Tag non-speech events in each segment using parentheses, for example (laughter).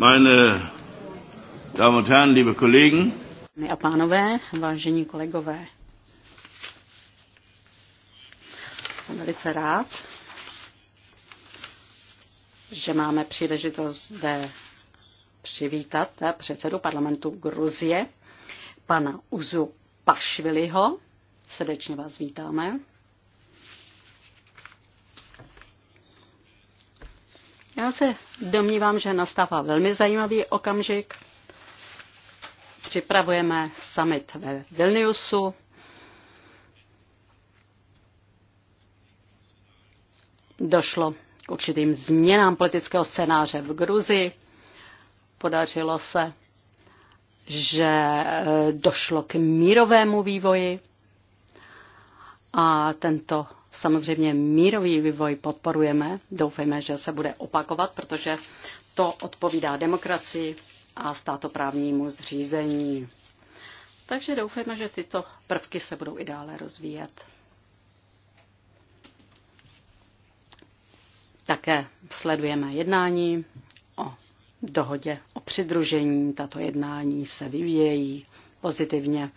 Meine Damen und Herren, liebe Kollegen. Dámy a pánové, vážení kolegové. Jsem velice rád, že máme příležitost zde přivítat předsedu parlamentu Gruzie, pana Uzu Pašviliho. Srdečně vás vítáme. se domnívám, že nastává velmi zajímavý okamžik. Připravujeme summit ve Vilniusu. Došlo k určitým změnám politického scénáře v Gruzii. Podařilo se, že eh, došlo k mírovému vývoji a tento Samozřejmě mírový vývoj podporujeme, doufejme, že se bude opakovat, protože to odpovídá demokracii a státoprávnímu zřízení. Takže doufejme, že tyto prvky se budou i dále rozvíjet. Také sledujeme jednání o dohodě o přidružení. Tato jednání se vyvíjejí pozitivně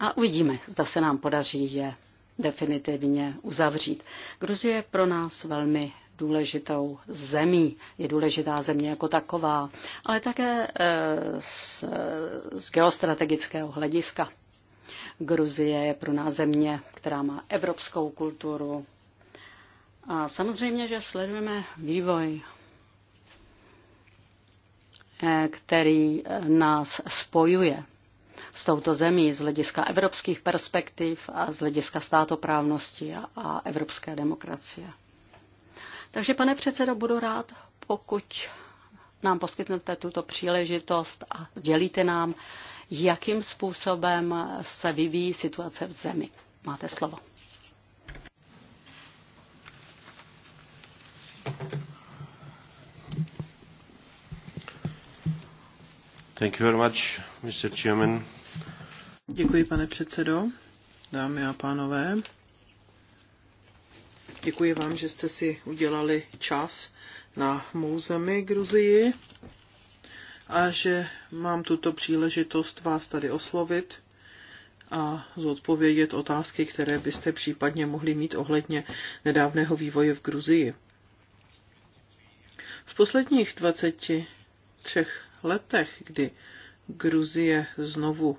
a uvidíme, zda se nám podaří je definitivně uzavřít. Gruzie je pro nás velmi důležitou zemí. Je důležitá země jako taková, ale také eh, z, z geostrategického hlediska. Gruzie je pro nás země, která má evropskou kulturu. A samozřejmě, že sledujeme vývoj, eh, který nás spojuje s touto zemí z hlediska evropských perspektiv a z hlediska státoprávnosti a evropské demokracie. Takže, pane předsedo, budu rád, pokud nám poskytnete tuto příležitost a sdělíte nám, jakým způsobem se vyvíjí situace v zemi. Máte slovo. Thank you very much, Mr. Chairman. Děkuji, pane předsedo, dámy a pánové. Děkuji vám, že jste si udělali čas na mou zemi Gruzii a že mám tuto příležitost vás tady oslovit a zodpovědět otázky, které byste případně mohli mít ohledně nedávného vývoje v Gruzii. V posledních 23 letech, kdy Gruzie znovu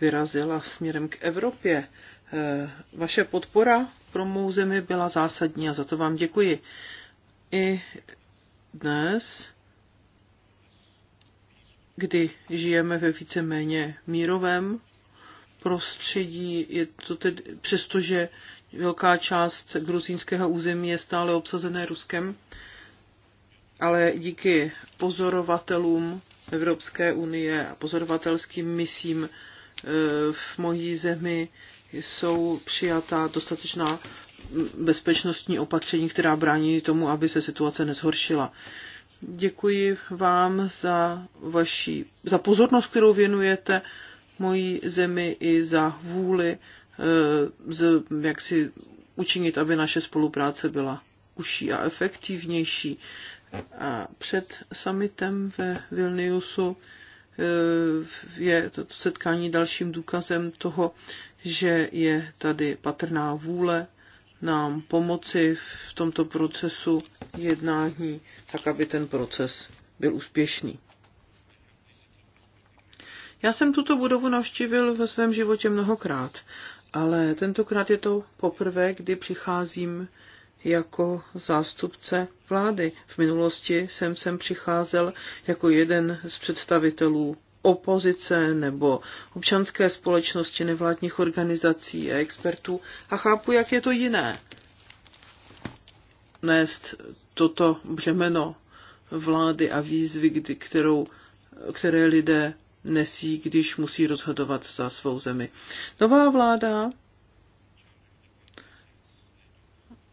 vyrazila směrem k Evropě. Eh, vaše podpora pro mou zemi byla zásadní a za to vám děkuji. I dnes, kdy žijeme ve víceméně mírovém prostředí, je to tedy, přestože velká část gruzínského území je stále obsazené Ruskem, ale díky pozorovatelům Evropské unie a pozorovatelským misím Eh, v mojí zemi jsou přijatá dostatečná bezpečnostní opatření, která brání tomu, aby se situace nezhoršila. Děkuji vám za, vaši, za pozornost, kterou věnujete mojí zemi i za vůli, eh, z, jak si učinit, aby naše spolupráce byla užší a efektivnější. A před summitem ve Vilniusu je to setkání dalším důkazem toho, že je tady patrná vůle nám pomoci v tomto procesu jednání, tak aby ten proces byl úspěšný. Já jsem tuto budovu navštívil ve svém životě mnohokrát, ale tentokrát je to poprvé, kdy přicházím jako zástupce vlády. V minulosti jsem sem přicházel jako jeden z představitelů opozice nebo občanské společnosti, nevládních organizací a expertů a chápu, jak je to jiné nést toto břemeno vlády a výzvy, kdy, kterou, které lidé nesí, když musí rozhodovat za svou zemi. Nová vláda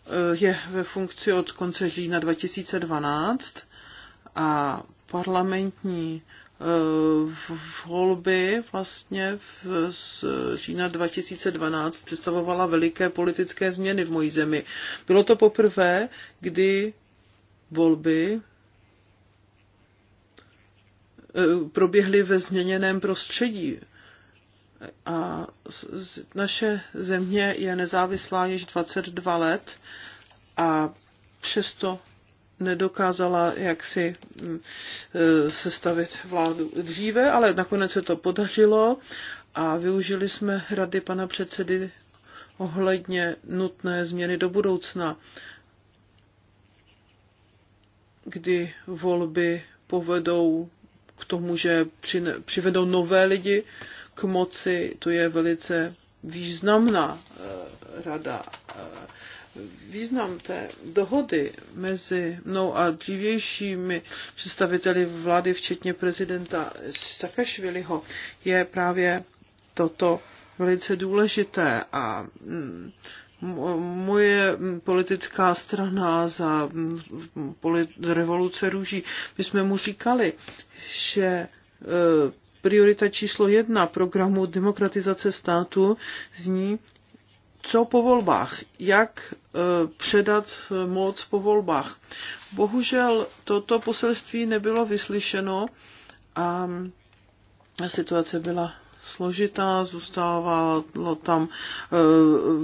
Eh, je ve funkci od konce října 2012 a parlamentní eh, volby vlastně z října 2012 představovala veliké politické změny v mojí zemi. Bylo to poprvé, kdy volby eh, proběhly ve změněném prostředí a naše země je nezávislá již 22 let a přesto nedokázala jaksi mm, e, sestavit vládu dříve, ale nakonec se to podařilo a využili jsme rady pana předsedy ohledně nutné změny do budoucna, kdy volby povedou k tomu, že přivedou nové lidi k moci, to je velice významná eh, rada. Eh, význam té dohody mezi mnou a dřívějšími představiteli vlády, včetně prezidenta Sakašviliho, je právě toto velice důležité a mm, moje politická strana za mm, revoluce růží, my jsme mu říkali, že eh, priorita číslo jedna programu demokratizace státu zní, co po volbách, jak e, předat e, moc po volbách. Bohužel toto poselství nebylo vyslyšeno a situace byla složitá, zůstávalo tam e,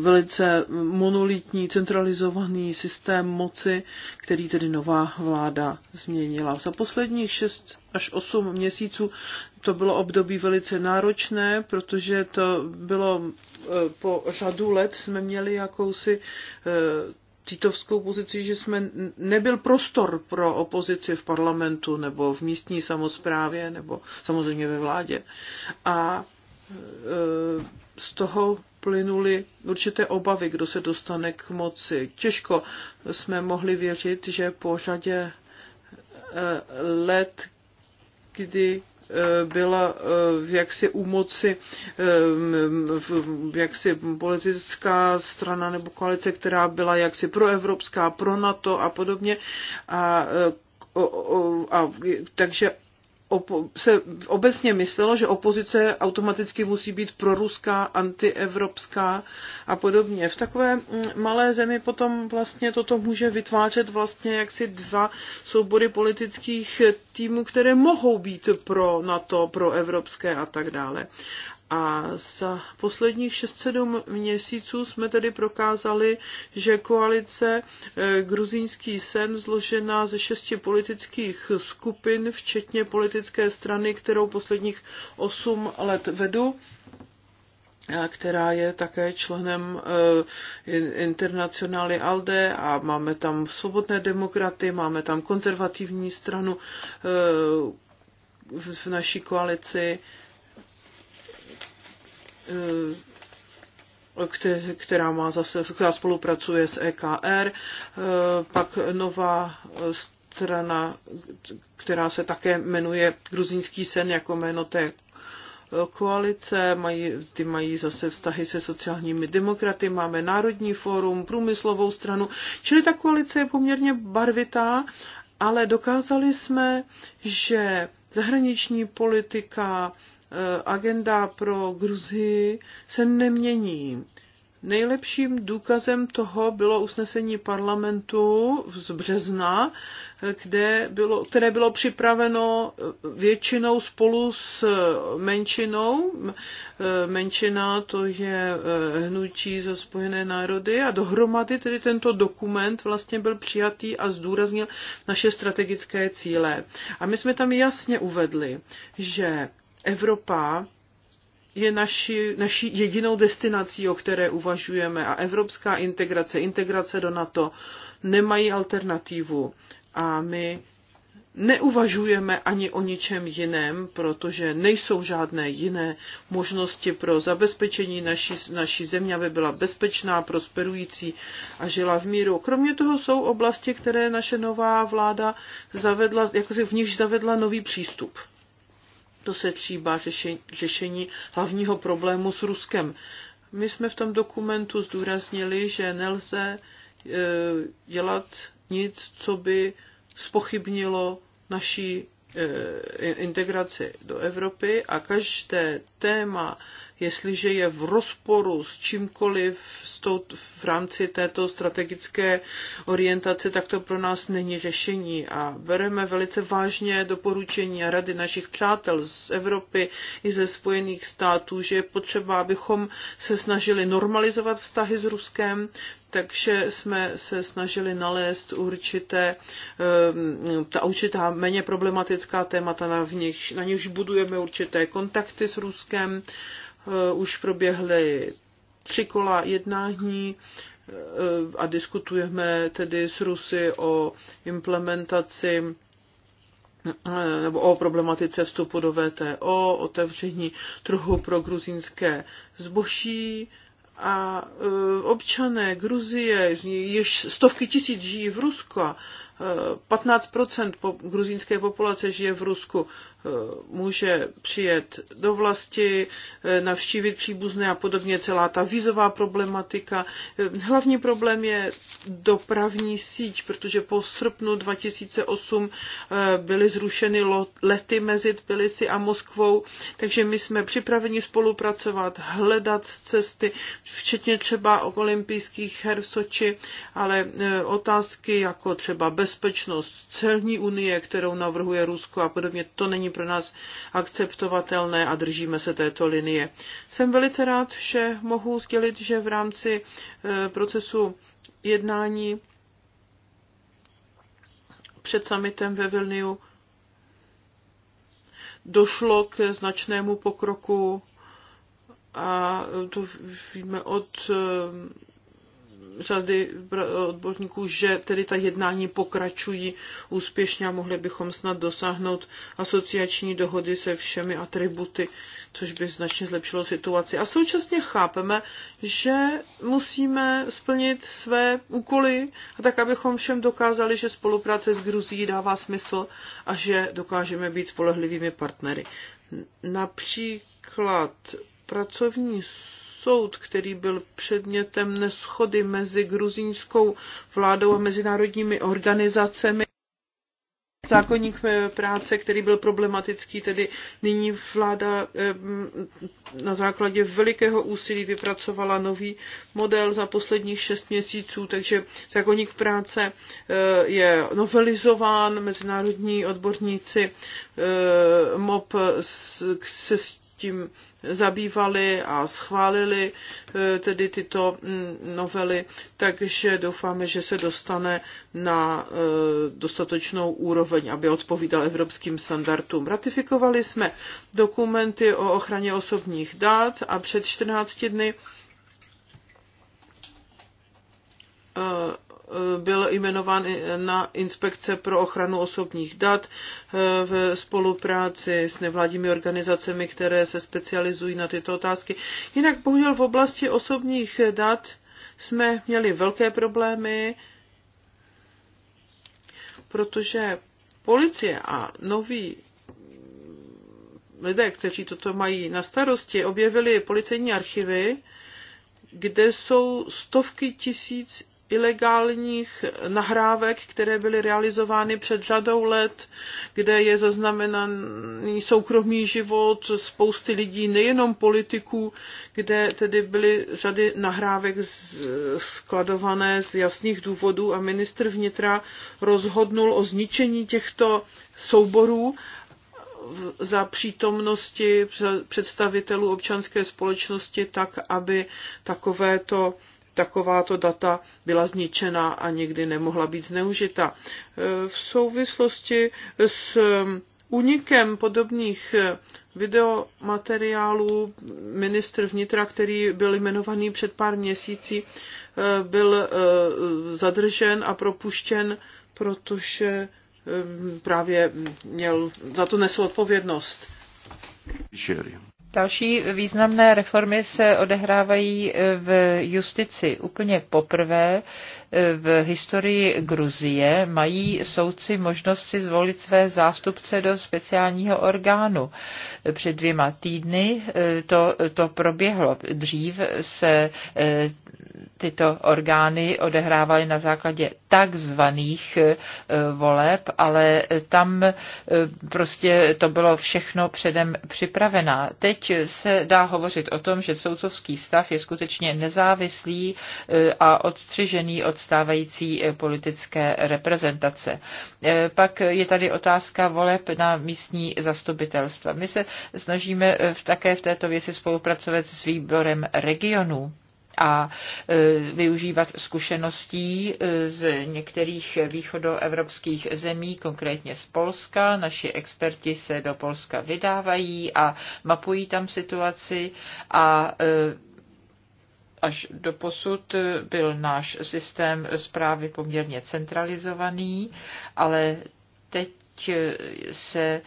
velice monolitní, centralizovaný systém moci, který tedy nová vláda změnila. Za posledních 6 až 8 měsíců to bylo období velice náročné, protože to bylo e, po řadu let jsme měli jakousi e, titovskou pozici, že jsme nebyl prostor pro opozici v parlamentu nebo v místní samozprávě nebo samozřejmě ve vládě. A z toho plynuly určité obavy, kdo se dostane k moci. Těžko jsme mohli věřit, že po řadě eh, let, kdy eh, byla eh, jaksi u moci jaksi politická strana nebo koalice, která byla jaksi proevropská, pro NATO a podobně. A, a, a takže se obecně myslelo, že opozice automaticky musí být proruská, antievropská a podobně. V takové mm, malé zemi potom vlastně toto může vytvářet vlastně jaksi dva soubory politických týmů, které mohou být pro NATO, pro evropské a tak dále. A za posledních 6-7 měsíců jsme tedy prokázali, že koalice eh, Gruzínský sen zložená ze šesti politických skupin, včetně politické strany, kterou posledních 8 let vedu, která je také členem eh, internacionály ALDE a máme tam svobodné demokraty, máme tam konzervativní stranu eh, v naší koalici Eh, která má zase, která spolupracuje s EKR, eh, pak nová eh, strana, která se také jmenuje Gruzínský sen jako jméno té koalice, mají, ty mají zase vztahy se sociálními demokraty, máme Národní fórum, průmyslovou stranu, čili ta koalice je poměrně barvitá, ale dokázali jsme, že zahraniční politika, Eh, agenda pro Gruzii se nemění. Nejlepším důkazem toho bylo usnesení parlamentu z března, eh, kde bylo, které bylo připraveno eh, většinou spolu s menšinou. Menšina to je hnutí za spojené národy a dohromady tedy tento dokument vlastně byl přijatý a zdůraznil naše strategické cíle. A my jsme tam jasně uvedli, že Evropa je naši, naší jedinou destinací, o které uvažujeme. A evropská integrace, integrace do NATO nemají alternativu. A my neuvažujeme ani o ničem jiném, protože nejsou žádné jiné možnosti pro zabezpečení naší, naší země, aby byla bezpečná, prosperující a žila v míru. Kromě toho jsou oblasti, které naše nová vláda zavedla, jako v nich zavedla nový přístup – to se tříbá řešení, řešení hlavního problému s Ruskem. My jsme v tom dokumentu zdůraznili, že nelze e, dělat nic, co by spochybnilo naší e, integraci do Evropy a každé téma, jestliže je v rozporu s čímkoliv s tou, v rámci této strategické orientace, tak to pro nás není řešení. A bereme velice vážně doporučení a rady našich přátel z Evropy i ze Spojených států, že je potřeba, abychom se snažili normalizovat vztahy s Ruskem, takže jsme se snažili nalézt určité, ehm, ta určitá méně problematická témata, na, v nich, na nichž budujeme určité kontakty s Ruskem Eh, už proběhly tři kola jednání eh, a diskutujeme tedy s Rusy o implementaci eh, nebo o problematice vstupu do VTO, otevření trhu pro gruzínské zboží a občané Gruzie, jež stovky tisíc žijí v Rusku 15 eh, gruzínské populace žije v Rusku. Eh, může přijet do vlasti, eh, navštívit příbuzné a podobně celá ta vízová problematika. Hlavní problém je dopravní síť, protože po srpnu 2008 byly zrušeny lety mezi Tbilisi a Moskvou, takže my jsme připraveni spolupracovat, hledat cesty, včetně třeba olympijských her v Soči, ale otázky jako třeba bezpečnost, celní unie, kterou navrhuje Rusko a podobně, to není pro nás akceptovatelné a držíme se této linie. Jsem velice rád, že mohu sdělit, že v rámci e, procesu jednání před samitem ve Vilniu došlo k značnému pokroku a to víme od řady odborníků, že tedy ta jednání pokračují úspěšně a mohli bychom snad dosáhnout asociační dohody se všemi atributy, což by značně zlepšilo situaci. A současně chápeme, že musíme splnit své úkoly a tak, abychom všem dokázali, že spolupráce s Gruzí dává smysl a že dokážeme být spolehlivými partnery. Například pracovní soud, který byl předmětem neschody mezi gruzínskou vládou a mezinárodními organizacemi. Zákonník práce, který byl problematický, tedy nyní vláda eh, na základě velikého úsilí vypracovala nový model za posledních šest měsíců, takže zákonník práce eh, je novelizován, mezinárodní odborníci eh, MOP se s tím zabývali a schválili eh, tedy tyto mm, novely, takže doufáme, že se dostane na eh, dostatečnou úroveň, aby odpovídal evropským standardům. Ratifikovali jsme dokumenty o ochraně osobních dat a před 14 dny eh, byl jmenován na inspekce pro ochranu osobních dat eh, v spolupráci s nevládními organizacemi, které se specializují na tyto otázky. Jinak bohužel v oblasti osobních dat jsme měli velké problémy, protože policie a noví lidé, kteří toto mají na starosti, objevili policejní archivy, kde jsou stovky tisíc ilegálních nahrávek, které byly realizovány před řadou let, kde je zaznamenaný soukromý život spousty lidí, nejenom politiků, kde tedy byly řady nahrávek skladované z jasných důvodů a ministr vnitra rozhodnul o zničení těchto souborů za přítomnosti představitelů občanské společnosti tak, aby takovéto takováto data byla zničena a nikdy nemohla být zneužita. V souvislosti s unikem podobných videomateriálů ministr vnitra, který byl jmenovaný před pár měsíci, byl eh, zadržen a propuštěn, protože eh, právě měl za to nesl odpovědnost. Další významné reformy se odehrávají v justici. Úplně poprvé v historii Gruzie mají soudci možnost si zvolit své zástupce do speciálního orgánu. Před dvěma týdny eh, to, to proběhlo. Dřív se eh, tyto orgány odehrávaly na základě takzvaných eh, voleb, ale tam prostě to bylo všechno předem připravená. Teď se dá hovořit o tom, že soudcovský stav je skutečně nezávislý a odstřižený od stávající eh, politické reprezentace. Eh, pak je tady otázka voleb na místní zastupitelstva. My se snažíme eh, také v této věci spolupracovat s výborem regionů a využívat zkušeností z některých východoevropských zemí, konkrétně z Polska. Naši experti se do Polska vydávají a mapují tam situaci a Až do posud byl náš systém zprávy poměrně centralizovaný, ale teď se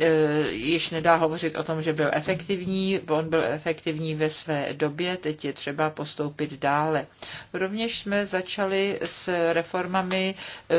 e, již nedá hovořit o tom, že byl efektivní, on byl efektivní ve své době, teď je třeba postoupit dále. Rovněž jsme začali s reformami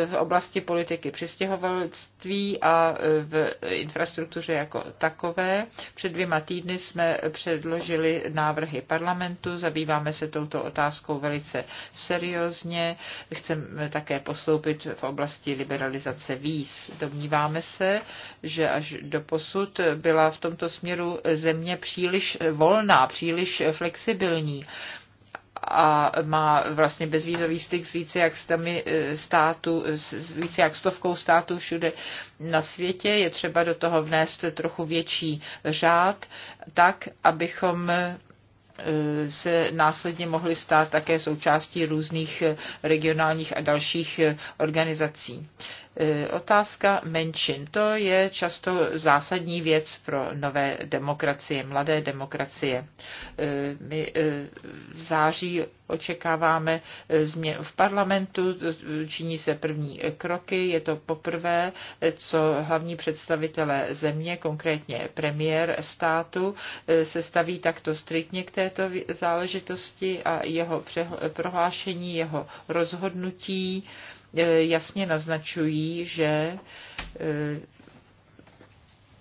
v oblasti politiky přistěhovalství školství a e, v infrastruktuře jako takové. Před dvěma týdny jsme předložili návrhy parlamentu, zabýváme se touto otázkou velice seriózně. Chceme také postoupit v oblasti liberalizace víz. Domníváme se, že až do posud byla v tomto směru země příliš volná, příliš flexibilní a má vlastně bezvízový styk s více jak stami e, státu, s více jak stovkou států všude na světě. Je třeba do toho vnést trochu větší řád, tak, abychom e, se následně mohly stát také součástí různých regionálních a dalších e, organizací. E, otázka menšin. To je často zásadní věc pro nové demokracie, mladé demokracie. E, my e, v září očekáváme změn v parlamentu, činí se první kroky, je to poprvé, co hlavní představitelé země, konkrétně premiér státu, se staví takto striktně k této záležitosti a jeho prohlášení, jeho rozhodnutí, E, jasně naznačují, že e,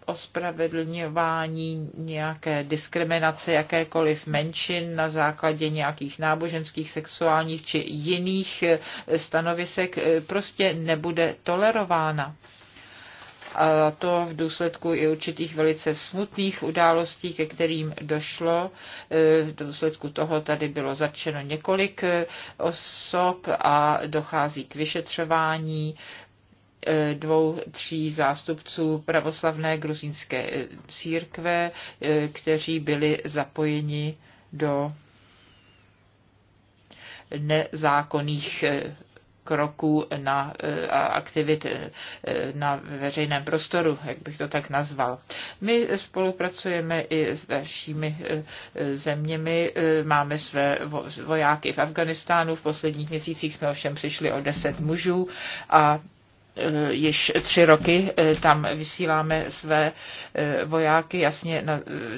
ospravedlňování nějaké diskriminace jakékoliv menšin na základě nějakých náboženských, sexuálních či jiných e, stanovisek prostě nebude tolerována a to v důsledku i určitých velice smutných událostí, ke kterým došlo. E, v důsledku toho tady bylo zatčeno několik e, osob a dochází k vyšetřování e, dvou, tří zástupců pravoslavné gruzínské církve, kteří byli zapojeni do nezákonných kroků na, eh, a aktivit eh, na veřejném prostoru, jak bych to tak nazval. My spolupracujeme i s dalšími eh, zeměmi, máme své vojáky v Afganistánu, v posledních měsících jsme ovšem přišli o deset mužů a Eh, již tři roky eh, tam vysíláme své eh, vojáky, jasně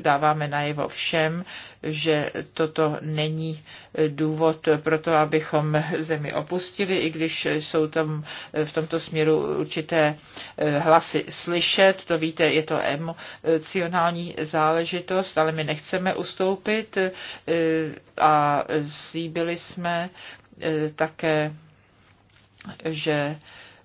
dáváme najevo všem, že toto není důvod pro to, abychom zemi opustili, i když jsou tam v tomto směru určité hlasy slyšet, to víte, je to emocionální záležitost, ale my nechceme ustoupit a slíbili jsme také, že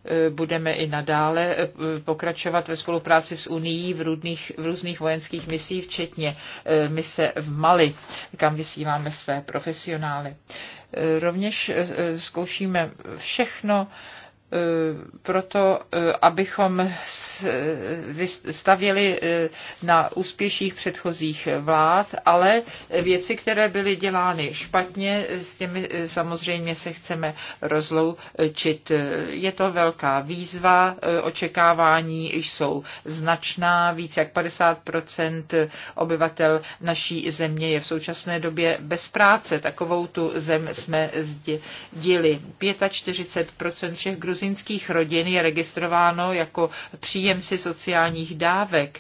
Eh, budeme i nadále eh, pokračovat ve spolupráci s Unií v, různých, v různých vojenských misích, včetně eh, mise v Mali, kam vysíláme své profesionály. Rovněž zkoušíme všechno, Eh, proto, eh, abychom eh, stavěli na úspěších předchozích vlád, ale věci, které byly dělány špatně, s těmi samozřejmě se chceme rozloučit. Je to velká výzva, očekávání jsou značná, víc jak 50 obyvatel naší země je v současné době bez práce. Takovou tu zem jsme zdědili. 45 všech Gruzí gruzinských rodin je registrováno jako příjemci sociálních dávek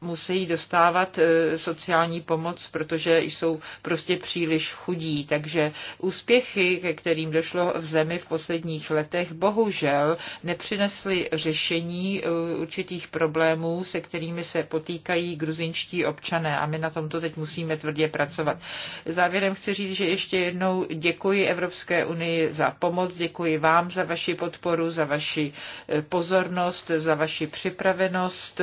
musí dostávat e, sociální pomoc, protože jsou prostě příliš chudí. Takže úspěchy, ke kterým došlo v zemi v posledních letech, bohužel nepřinesly řešení e, určitých problémů, se kterými se potýkají gruzinští občané a my na tomto teď musíme tvrdě pracovat. Závěrem chci říct, že ještě jednou děkuji Evropské unii za pomoc, děkuji vám za vaši podporu, za vaši e, pozornost, za vaši připravenost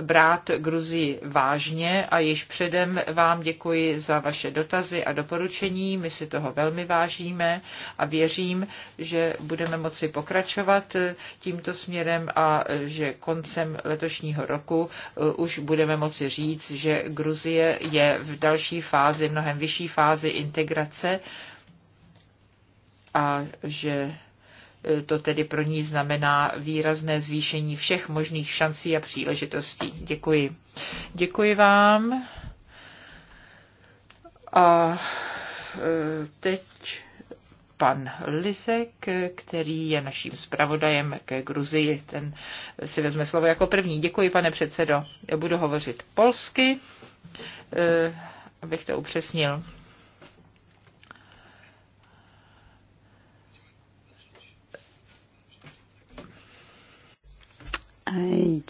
brát gruzinští Gruzii vážně a již předem vám děkuji za vaše dotazy a doporučení. My si toho velmi vážíme a věřím, že budeme moci pokračovat tímto směrem a že koncem letošního roku eh, už budeme moci říct, že Gruzie je v další fázi, mnohem vyšší fázi integrace a že to tedy pro ní znamená výrazné zvýšení všech možných šancí a příležitostí. Děkuji. Děkuji vám. A e, teď pan Lisek, který je naším zpravodajem ke Gruzii. Ten si vezme slovo jako první. Děkuji, pane předsedo. Já budu hovořit polsky, e, abych to upřesnil.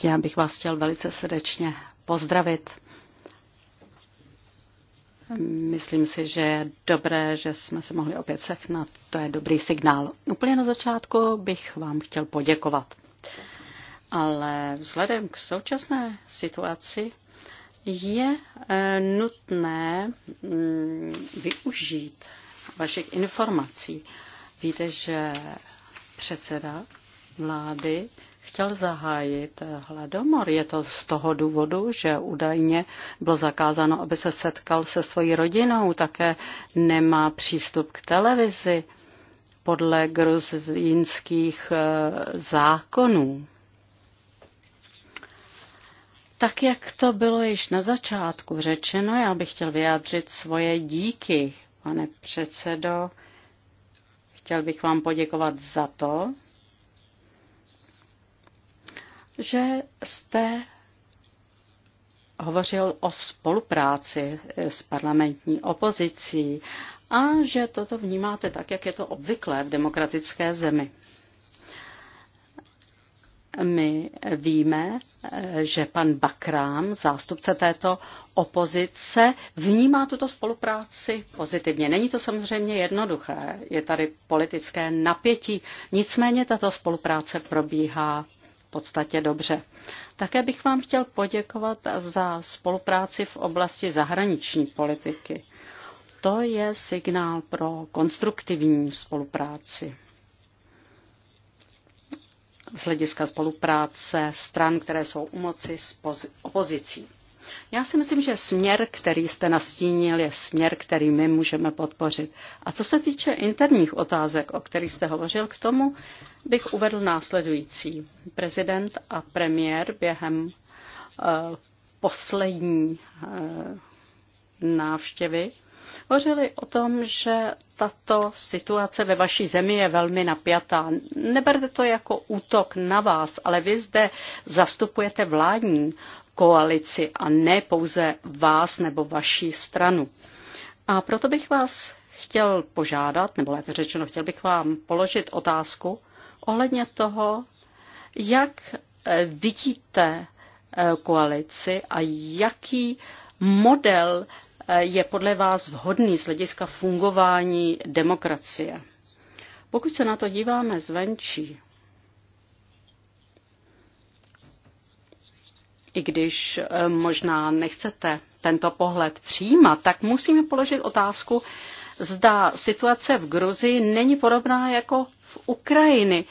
Já bych vás chtěl velice srdečně pozdravit. Myslím si, že je dobré, že jsme se mohli opět sechnat. To je dobrý signál. Úplně na začátku bych vám chtěl poděkovat. Ale vzhledem k současné situaci je eh, nutné mm, využít vašich informací. Víte, že předseda vlády chtěl zahájit hladomor. Je to z toho důvodu, že údajně bylo zakázáno, aby se setkal se svojí rodinou, také nemá přístup k televizi podle gruzínských eh, zákonů. Tak jak to bylo již na začátku řečeno, já bych chtěl vyjádřit svoje díky, pane předsedo. Chtěl bych vám poděkovat za to, že jste hovořil o spolupráci s parlamentní opozicí a že toto vnímáte tak, jak je to obvyklé v demokratické zemi. My víme, že pan Bakrám, zástupce této opozice, vnímá tuto spolupráci pozitivně. Není to samozřejmě jednoduché, je tady politické napětí, nicméně tato spolupráce probíhá podstatě dobře. Také bych vám chtěl poděkovat za spolupráci v oblasti zahraniční politiky. To je signál pro konstruktivní spolupráci. Z hlediska spolupráce stran, které jsou u moci s opozicí. Já si myslím, že směr, který jste nastínil, je směr, který my můžeme podpořit. A co se týče interních otázek, o kterých jste hovořil, k tomu bych uvedl následující. Prezident a premiér během uh, poslední uh, návštěvy hovořili o tom, že tato situace ve vaší zemi je velmi napjatá. Neberte to jako útok na vás, ale vy zde zastupujete vládní koalici a ne pouze vás nebo vaší stranu. A proto bych vás chtěl požádat, nebo lépe řečeno, chtěl bych vám položit otázku ohledně toho, jak eh, vidíte eh, koalici a jaký model eh, je podle vás vhodný z hlediska fungování demokracie. Pokud se na to díváme zvenčí, i když eh, možná nechcete tento pohled přijímat, tak musíme položit otázku, zda situace v Gruzii není podobná jako v Ukrajiny,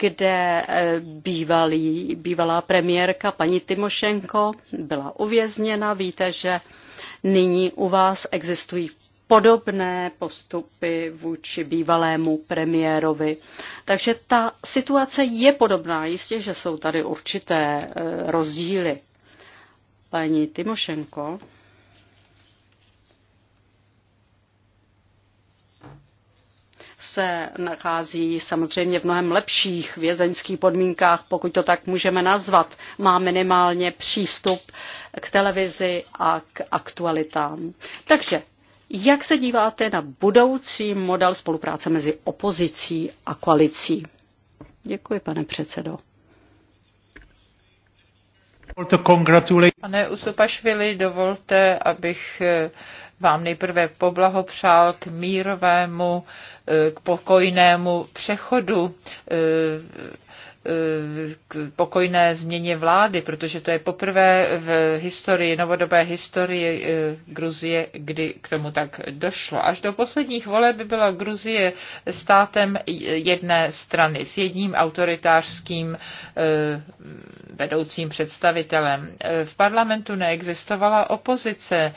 kde eh, bývalý, bývalá premiérka paní Timošenko byla uvězněna. Víte, že nyní u vás existují podobné postupy vůči bývalému premiérovi. Takže ta situace je podobná. Jistě, že jsou tady určité e, rozdíly. Paní Timošenko. se nachází samozřejmě v mnohem lepších vězeňských podmínkách, pokud to tak můžeme nazvat. Má minimálně přístup k televizi a k aktualitám. Takže jak se díváte na budoucí model spolupráce mezi opozicí a koalicí? Děkuji, pane předsedo. Pane Usupašvili, dovolte, abych eh, vám nejprve poblahopřál k mírovému, eh, k pokojnému přechodu eh, k pokojné změně vlády, protože to je poprvé v historii, novodobé historii eh, Gruzie, kdy k tomu tak došlo. Až do posledních voleb byla Gruzie státem jedné strany s jedním autoritářským eh, vedoucím představitelem. Eh, v parlamentu neexistovala opozice,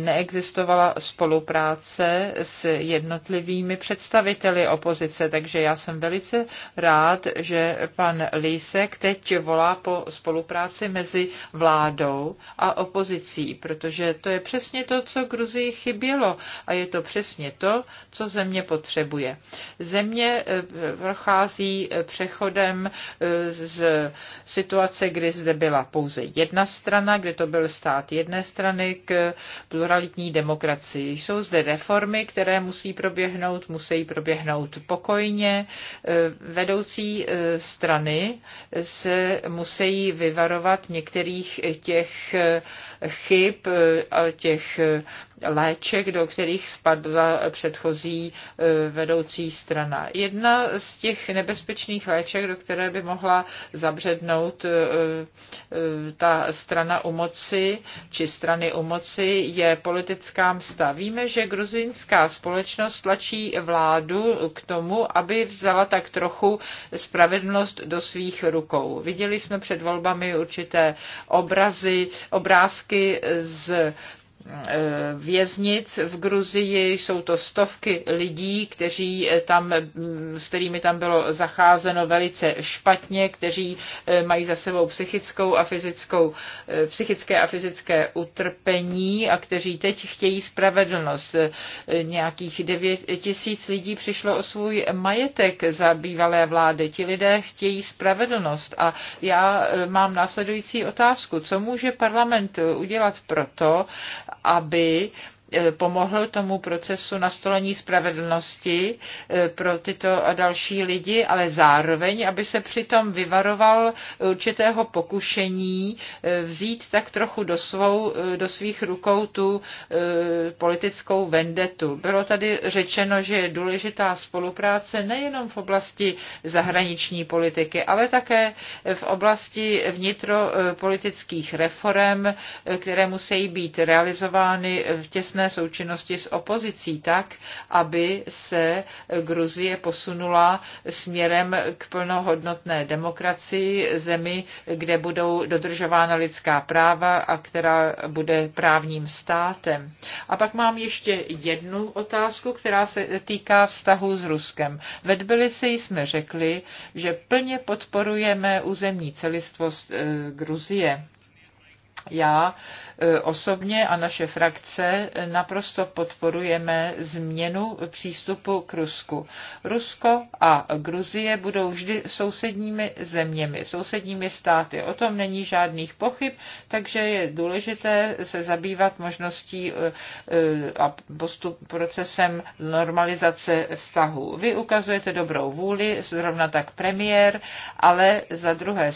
neexistovala spolupráce s jednotlivými představiteli opozice, takže já jsem velice rád, že pan pan Lísek teď volá po spolupráci mezi vládou a opozicí, protože to je přesně to, co Gruzii chybělo a je to přesně to, co země potřebuje. Země eh, prochází eh, přechodem eh, z situace, kdy zde byla pouze jedna strana, kde to byl stát jedné strany k pluralitní demokracii. Jsou zde reformy, které musí proběhnout, musí proběhnout pokojně. Vedoucí strana strany se musí vyvarovat některých těch eh, chyb eh, a těch eh, léček, do kterých spadla předchozí vedoucí strana. Jedna z těch nebezpečných léček, do které by mohla zabřednout ta strana u moci, či strany u moci, je politická msta. Víme, že gruzinská společnost tlačí vládu k tomu, aby vzala tak trochu spravedlnost do svých rukou. Viděli jsme před volbami určité obrazy, obrázky z Eh, věznic v Gruzii, jsou to stovky lidí, kteří eh, tam, mm, s kterými tam bylo zacházeno velice špatně, kteří eh, mají za sebou psychickou a fyzickou, psychické a fyzické utrpení a kteří teď chtějí spravedlnost. Nějakých 9 tisíc lidí přišlo o svůj majetek za bývalé vlády. Ti lidé chtějí spravedlnost a já mám následující otázku. Co může parlament udělat proto, aby Eh, pomohl tomu procesu nastolení spravedlnosti eh, pro tyto a další lidi, ale zároveň, aby se přitom vyvaroval určitého pokušení eh, vzít tak trochu do, svou, do svých rukou tu politickou vendetu. Bylo tady řečeno, že je důležitá spolupráce nejenom v oblasti zahraniční politiky, ale také v oblasti vnitropolitických reform, které musí být realizovány v těsné těsné součinnosti s opozicí tak, aby se Gruzie posunula směrem k plnohodnotné demokracii, zemi, kde budou dodržována lidská práva a která bude právním státem. A pak mám ještě jednu otázku, která se týká vztahu s Ruskem. Ve Tbilisi jsme řekli, že plně podporujeme územní celistvost eh, Gruzie já e, osobně a naše frakce naprosto podporujeme změnu přístupu k Rusku. Rusko a Gruzie budou vždy sousedními zeměmi, sousedními státy. O tom není žádných pochyb, takže je důležité se zabývat možností e, e, a postup procesem normalizace vztahu. Vy ukazujete dobrou vůli, zrovna tak premiér, ale za druhé,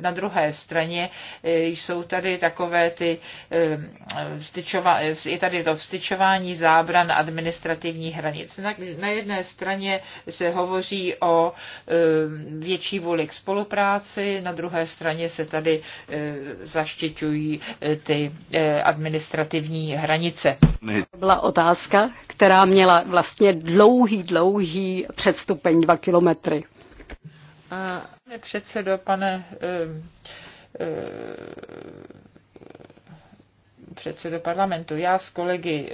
na druhé straně jsou tady takové ty, je tady to vstyčování zábran administrativních hranic. Na jedné straně se hovoří o větší vůli k spolupráci, na druhé straně se tady zaštiťují e, ty e, administrativní hranice. To byla otázka, která měla vlastně dlouhý, dlouhý předstupeň dva kilometry. Pane předsedo, pane euh, předsedo parlamentu. Já s kolegy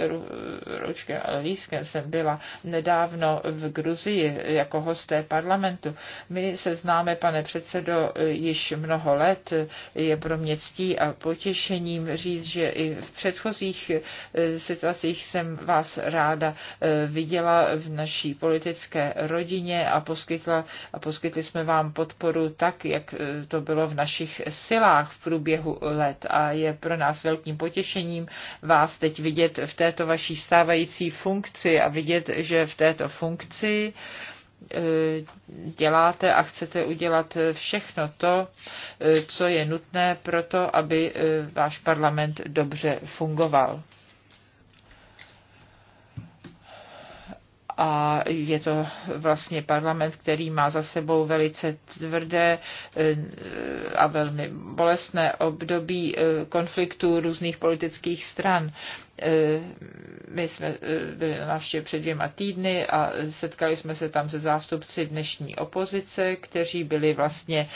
Ručkem a Lískem jsem byla nedávno v Gruzii jako hosté parlamentu. My se známe, pane předsedo, již mnoho let. Je pro mě ctí a potěšením říct, že i v předchozích eh, situacích jsem vás ráda eh, viděla v naší politické rodině a, poskytla, a poskytli jsme vám podporu tak, jak eh, to bylo v našich silách v průběhu let. A je pro nás velkým potěšením, potěšením vás teď vidět v této vaší stávající funkci a vidět, že v této funkci e, děláte a chcete udělat všechno to, e, co je nutné pro to, aby e, váš parlament dobře fungoval. a je to vlastně parlament, který má za sebou velice tvrdé eh, a velmi bolestné období eh, konfliktů různých politických stran. Eh, my jsme byli na návštěvě před dvěma týdny a setkali jsme se tam se zástupci dnešní opozice, kteří byli vlastně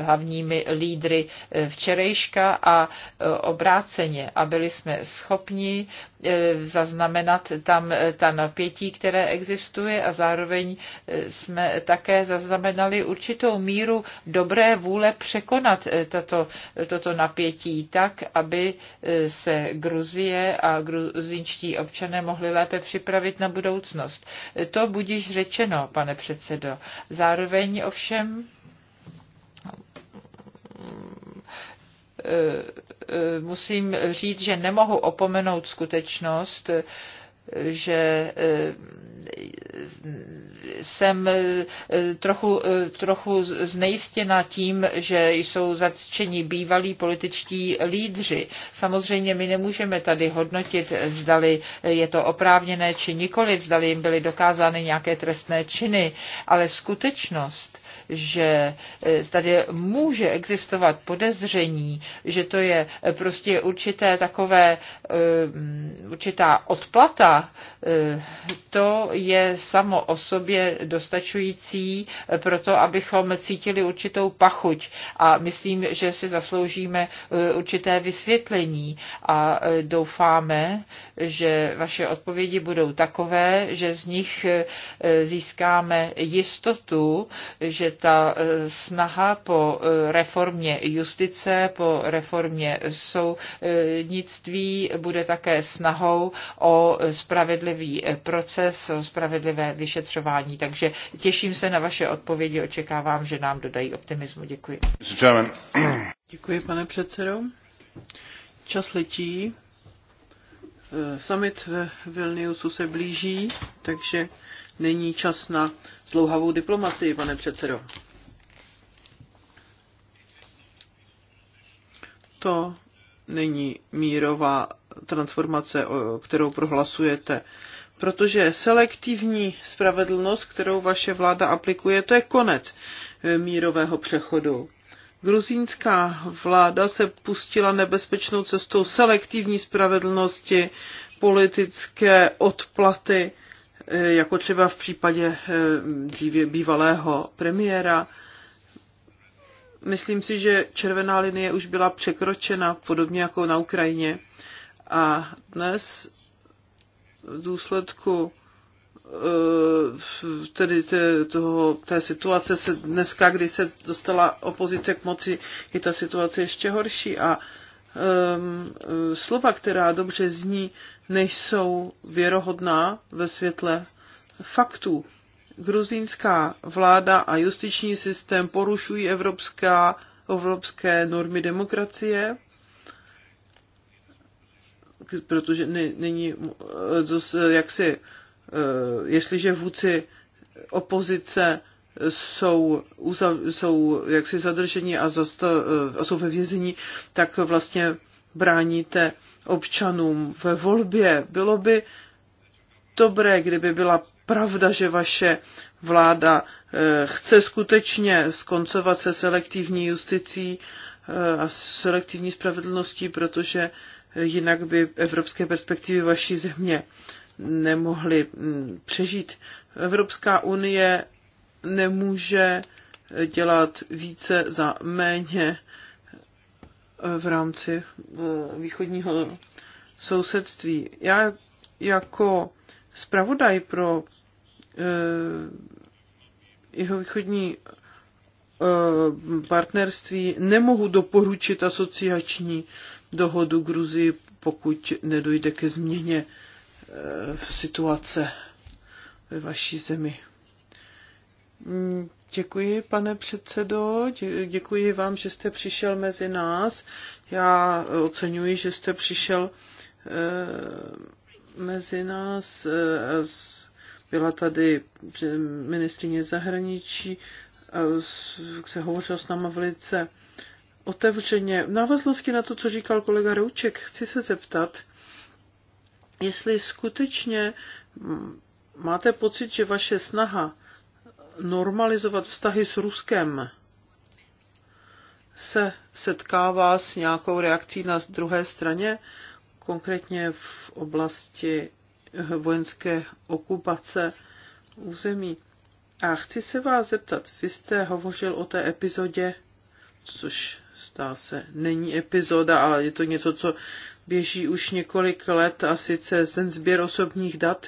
hlavními lídry včerejška a obráceně. A byli jsme schopni E, zaznamenat tam e, ta napětí, které existuje a zároveň e, jsme také zaznamenali určitou míru dobré vůle překonat tato, toto napětí tak, aby se Gruzie a gruzinčtí občané mohli lépe připravit na budoucnost. To budíš řečeno, pane předsedo. Zároveň ovšem Eh, eh, musím říct, že nemohu opomenout skutečnost, že eh, jsem trochu, trochu znejistěna tím, že jsou zatčeni bývalí političtí lídři. Samozřejmě my nemůžeme tady hodnotit, zdali je to oprávněné či nikoli, zdali jim byly dokázány nějaké trestné činy, ale skutečnost, že eh, tady může existovat podezření, že to je eh, prostě určité takové, eh, určitá odplata, to je samo o sobě dostačující pro to, abychom cítili určitou pachuť a myslím, že si zasloužíme určité vysvětlení a doufáme, že vaše odpovědi budou takové, že z nich získáme jistotu, že ta e, snaha po e, reformě justice, po reformě soudnictví bude také snahou o spravedlivý e, proces, o spravedlivé vyšetřování. Takže těším se na vaše odpovědi, očekávám, že nám dodají optimismu. Děkuji. (clears throat) Děkuji, pane předsedo. Čas letí. Summit v Vilniusu se blíží, takže není čas na zlouhavou diplomacii, pane předsedo. To není mírová transformace, kterou prohlasujete. Protože selektivní spravedlnost, kterou vaše vláda aplikuje, to je konec eh, mírového přechodu. Gruzínská vláda se pustila nebezpečnou cestou selektivní spravedlnosti, politické odplaty jako třeba v případě eh, dříve bývalého premiéra. Myslím si, že červená linie už byla překročena, podobně jako na Ukrajině. A dnes v důsledku eh, tedy toho, té situace se dneska, kdy se dostala opozice k moci, je ta situace ještě horší a Ehm, e, slova, která dobře zní, nejsou věrohodná ve světle faktů. Gruzínská vláda a justiční systém porušují evropská, evropské normy demokracie, protože není, e, jak si, e, jestliže vůdci opozice jsou, jsou jaksi zadrženi a, zasta, a jsou ve vězení, tak vlastně bráníte občanům ve volbě. Bylo by dobré, kdyby byla pravda, že vaše vláda eh, chce skutečně skoncovat se selektivní justicí eh, a selektivní spravedlností, protože jinak by evropské perspektivy vaší země nemohly mm, přežít. Evropská unie nemůže dělat více za méně v rámci eh, východního sousedství. Já jako zpravodaj pro eh, jeho východní eh, partnerství nemohu doporučit asociační dohodu Gruzi, pokud nedojde ke změně situace ve vaší zemi. Mm, děkuji, pane předsedo, děkuji vám, že jste přišel mezi nás. Já oceňuji, že jste přišel eh, mezi nás. Eh, byla tady ministrině zahraničí, se hovořil s náma velice otevřeně. V návaznosti na to, co říkal kolega Rouček, chci se zeptat, jestli skutečně máte pocit, že vaše snaha normalizovat vztahy s Ruskem se setkává s nějakou reakcí na druhé straně, konkrétně v oblasti vojenské okupace území. A chci se vás zeptat, vy jste hovořil o té epizodě, což stá se není epizoda, ale je to něco, co běží už několik let a sice ten sběr osobních dat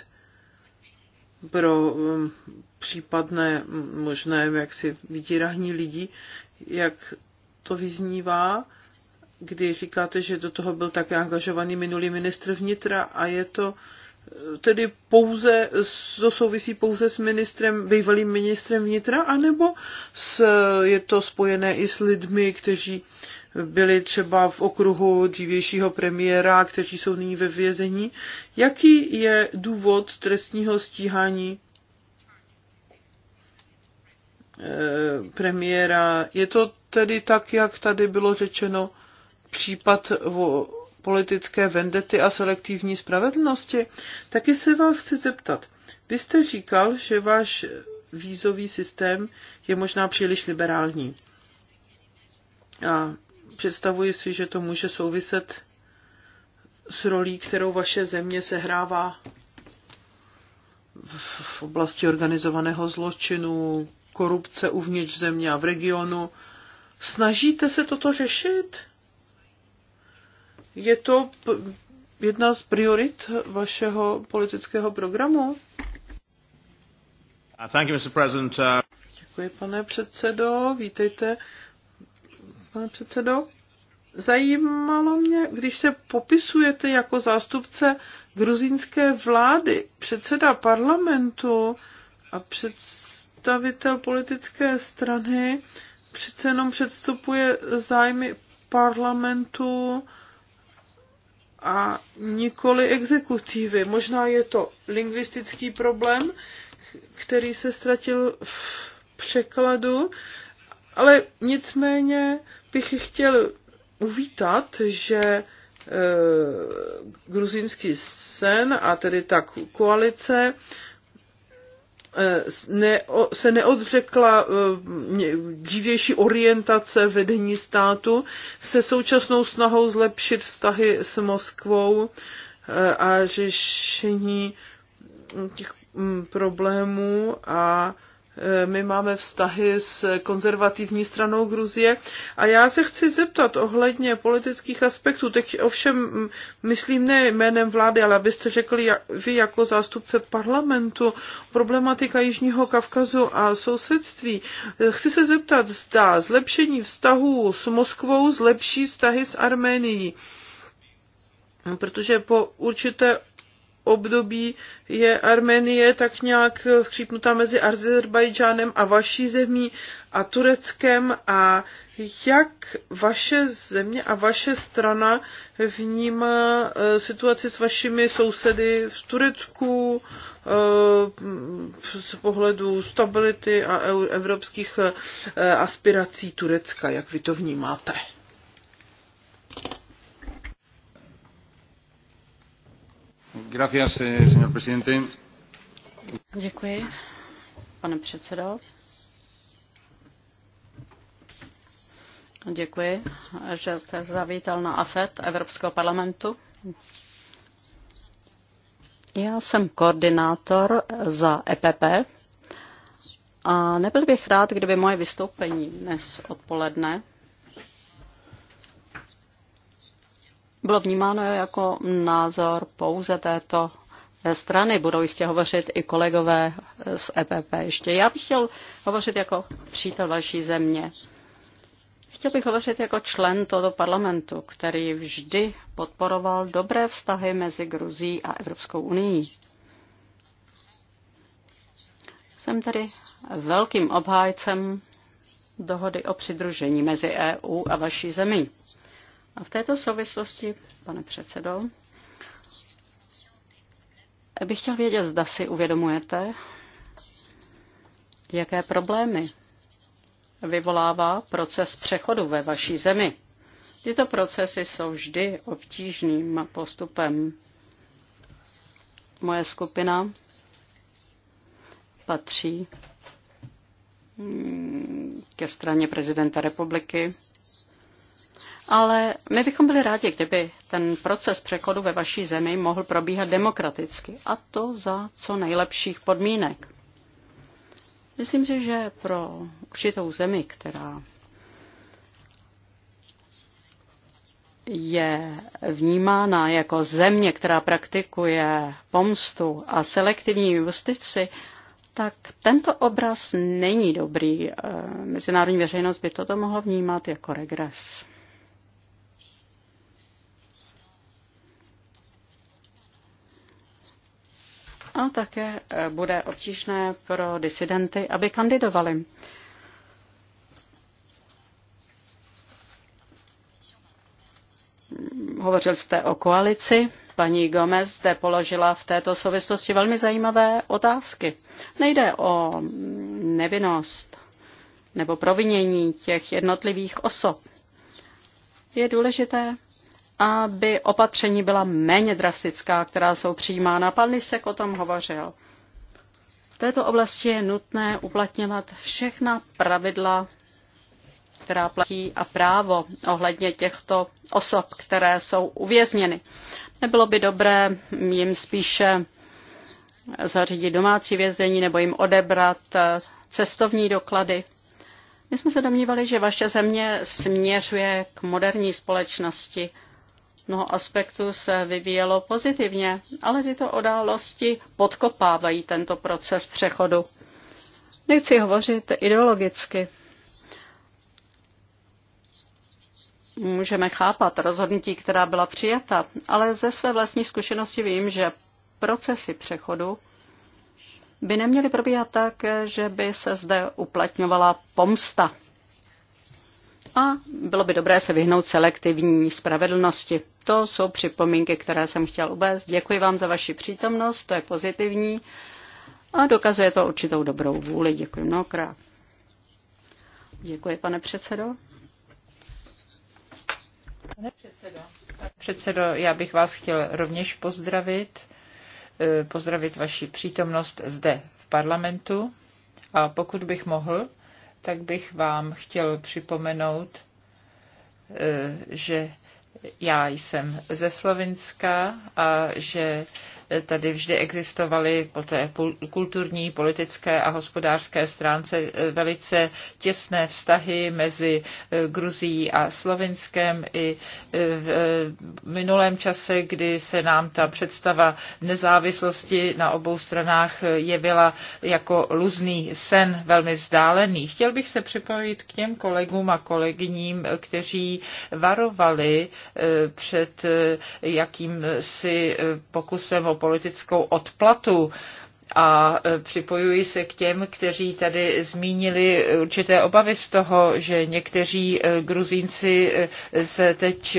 pro um, případné mm, možné jaksi vydírání lidí, jak to vyznívá, kdy říkáte, že do toho byl také angažovaný minulý ministr vnitra a je to tedy pouze, to souvisí pouze s ministrem, bývalým ministrem vnitra, anebo s, je to spojené i s lidmi, kteří byli třeba v okruhu dřívějšího premiéra, kteří jsou nyní ve vězení. Jaký je důvod trestního stíhání eh, premiéra? Je to tedy tak, jak tady bylo řečeno, případ politické vendety a selektivní spravedlnosti. Taky se vás chci zeptat. Vy jste říkal, že váš vízový systém je možná příliš liberální. A představuji si, že to může souviset s rolí, kterou vaše země sehrává v oblasti organizovaného zločinu, korupce uvnitř země a v regionu. Snažíte se toto řešit? Je to jedna z priorit vašeho politického programu? Uh, thank you, Mr. President. Uh, Děkuji, pane předsedo. Vítejte, pane předsedo. Zajímalo mě, když se popisujete jako zástupce gruzínské vlády, předseda parlamentu a představitel politické strany, přece jenom předstupuje zájmy parlamentu a nikoli exekutívy. Možná je to lingvistický problém, který se ztratil v překladu, ale nicméně bych chtěl uvítat, že e, gruzínský sen a tedy ta koalice Eh, se neodřekla eh, dřívější orientace vedení státu se současnou snahou zlepšit vztahy s Moskvou eh, a řešení těch mm, problémů a Eh, my máme vztahy s konzervativní stranou Gruzie. A já se chci zeptat ohledně politických aspektů, teď ovšem mm, myslím ne jménem vlády, ale abyste řekli vy jako zástupce parlamentu, problematika Jižního Kavkazu a sousedství. Eh, chci se zeptat, zda zlepšení vztahů s Moskvou zlepší vztahy s Arménií protože po určité období je Arménie tak nějak skřípnutá mezi Azerbajdžánem a vaší zemí a Tureckem a jak vaše země a vaše strana vnímá eh, situaci s vašimi sousedy v Turecku eh, z pohledu stability a evropských eh, aspirací Turecka, jak vy to vnímáte? Eh, Děkuji, pane předsedající, Děkuji, že jste zavítal na AFET Evropského parlamentu. Já jsem koordinátor za EPP a nebyl bych rád, kdyby moje vystoupení dnes odpoledne bylo vnímáno jako názor pouze této strany. Budou jistě hovořit i kolegové z EPP ještě. Já bych chtěl hovořit jako přítel vaší země. Chtěl bych hovořit jako člen tohoto parlamentu, který vždy podporoval dobré vztahy mezi Gruzí a Evropskou unii. Jsem tedy velkým obhájcem dohody o přidružení mezi EU a vaší zemí. A v této souvislosti, pane předsedo, bych chtěl vědět, zda si uvědomujete, jaké problémy vyvolává proces přechodu ve vaší zemi. Tyto procesy jsou vždy obtížným postupem. Moje skupina patří mm, ke straně prezidenta republiky ale my bychom byli rádi, kdyby ten proces přechodu ve vaší zemi mohl probíhat demokraticky a to za co nejlepších podmínek. Myslím si, že pro určitou zemi, která je vnímána jako země, která praktikuje pomstu a selektivní justici, tak tento obraz není dobrý. E, mezinárodní veřejnost by toto mohla vnímat jako regres. a také eh, bude obtížné pro disidenty, aby kandidovali. Hovořil jste o koalici. Paní Gomez se položila v této souvislosti velmi zajímavé otázky. Nejde o nevinnost nebo provinění těch jednotlivých osob. Je důležité, aby opatření byla méně drastická, která jsou přijímána. Pan Lisek o tom hovořil. V této oblasti je nutné uplatňovat všechna pravidla, která platí a právo ohledně těchto osob, které jsou uvězněny. Nebylo by dobré jim spíše zařídit domácí vězení nebo jim odebrat eh, cestovní doklady. My jsme se domnívali, že vaše země směřuje k moderní společnosti, Mnoho aspektů se vyvíjelo pozitivně, ale tyto odálosti podkopávají tento proces přechodu. Nechci hovořit ideologicky. Můžeme chápat rozhodnutí, která byla přijata, ale ze své vlastní zkušenosti vím, že procesy přechodu by neměly probíhat tak, že by se zde uplatňovala pomsta a bylo by dobré se vyhnout selektivní spravedlnosti. To jsou připomínky, které jsem chtěl uvést. Děkuji vám za vaši přítomnost, to je pozitivní a dokazuje to určitou dobrou vůli. Děkuji mnohokrát. Děkuji, pane předsedo. Pane předsedo, pane předsedo, já bych vás chtěl rovněž pozdravit, eh, pozdravit vaši přítomnost zde v parlamentu. A pokud bych mohl, tak bych vám chtěl připomenout, eh, že já jsem ze Slovenska a že Tady vždy existovaly po té kulturní, politické a hospodářské stránce eh, velice těsné vztahy mezi eh, Gruzií a Slovinskem i eh, v minulém čase, kdy se nám ta představa nezávislosti na obou stranách jevila jako luzný sen velmi vzdálený. Chtěl bych se připojit k těm kolegům a kolegyním, kteří varovali před jakýmsi pokusem o politickou odplatu a e, připojuji se k těm, kteří tady zmínili určité obavy z toho, že někteří e, gruzínci e, se teď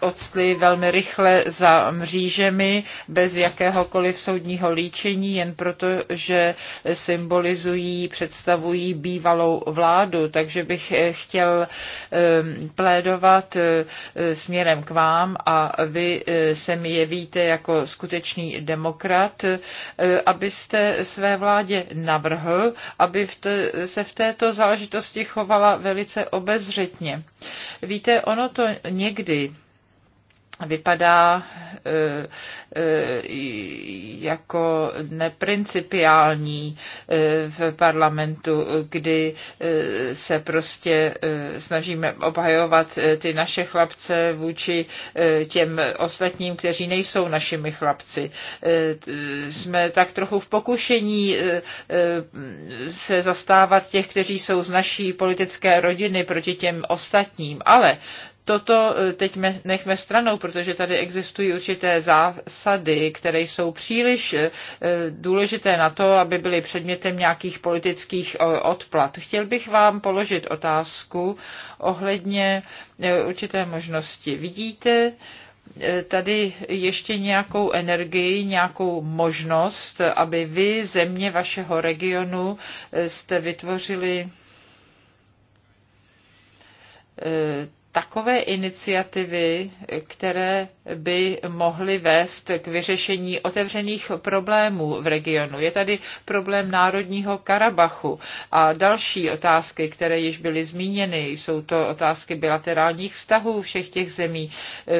odstli velmi rychle za mřížemi bez jakéhokoliv soudního líčení, jen proto, že symbolizují, představují bývalou vládu. Takže bych chtěl plédovat směrem k vám a vy se mi jevíte jako skutečný demokrat, aby abyste své vládě navrhl, aby v te, se v této záležitosti chovala velice obezřetně. Víte, ono to někdy vypadá eh, eh, jako neprincipiální eh, v parlamentu, kdy se prostě snažíme obhajovat ty naše chlapce vůči těm ostatním, kteří nejsou našimi chlapci. Jsme tak trochu v pokušení se zastávat těch, kteří jsou z naší politické rodiny proti těm ostatním, ale toto e, teď nechme stranou, protože tady existují určité zásady, které jsou příliš e, e, důležité na to, aby byly předmětem nějakých politických odplat. Chtěl bych vám položit otázku ohledně určité možnosti. Vidíte, tady ještě nějakou energii, nějakou možnost, aby vy, země vašeho regionu, jste vytvořili takové iniciativy, které by mohly vést k vyřešení otevřených problémů v regionu. Je tady problém Národního Karabachu a další otázky, které již byly zmíněny. Jsou to otázky bilaterálních vztahů všech těch zemí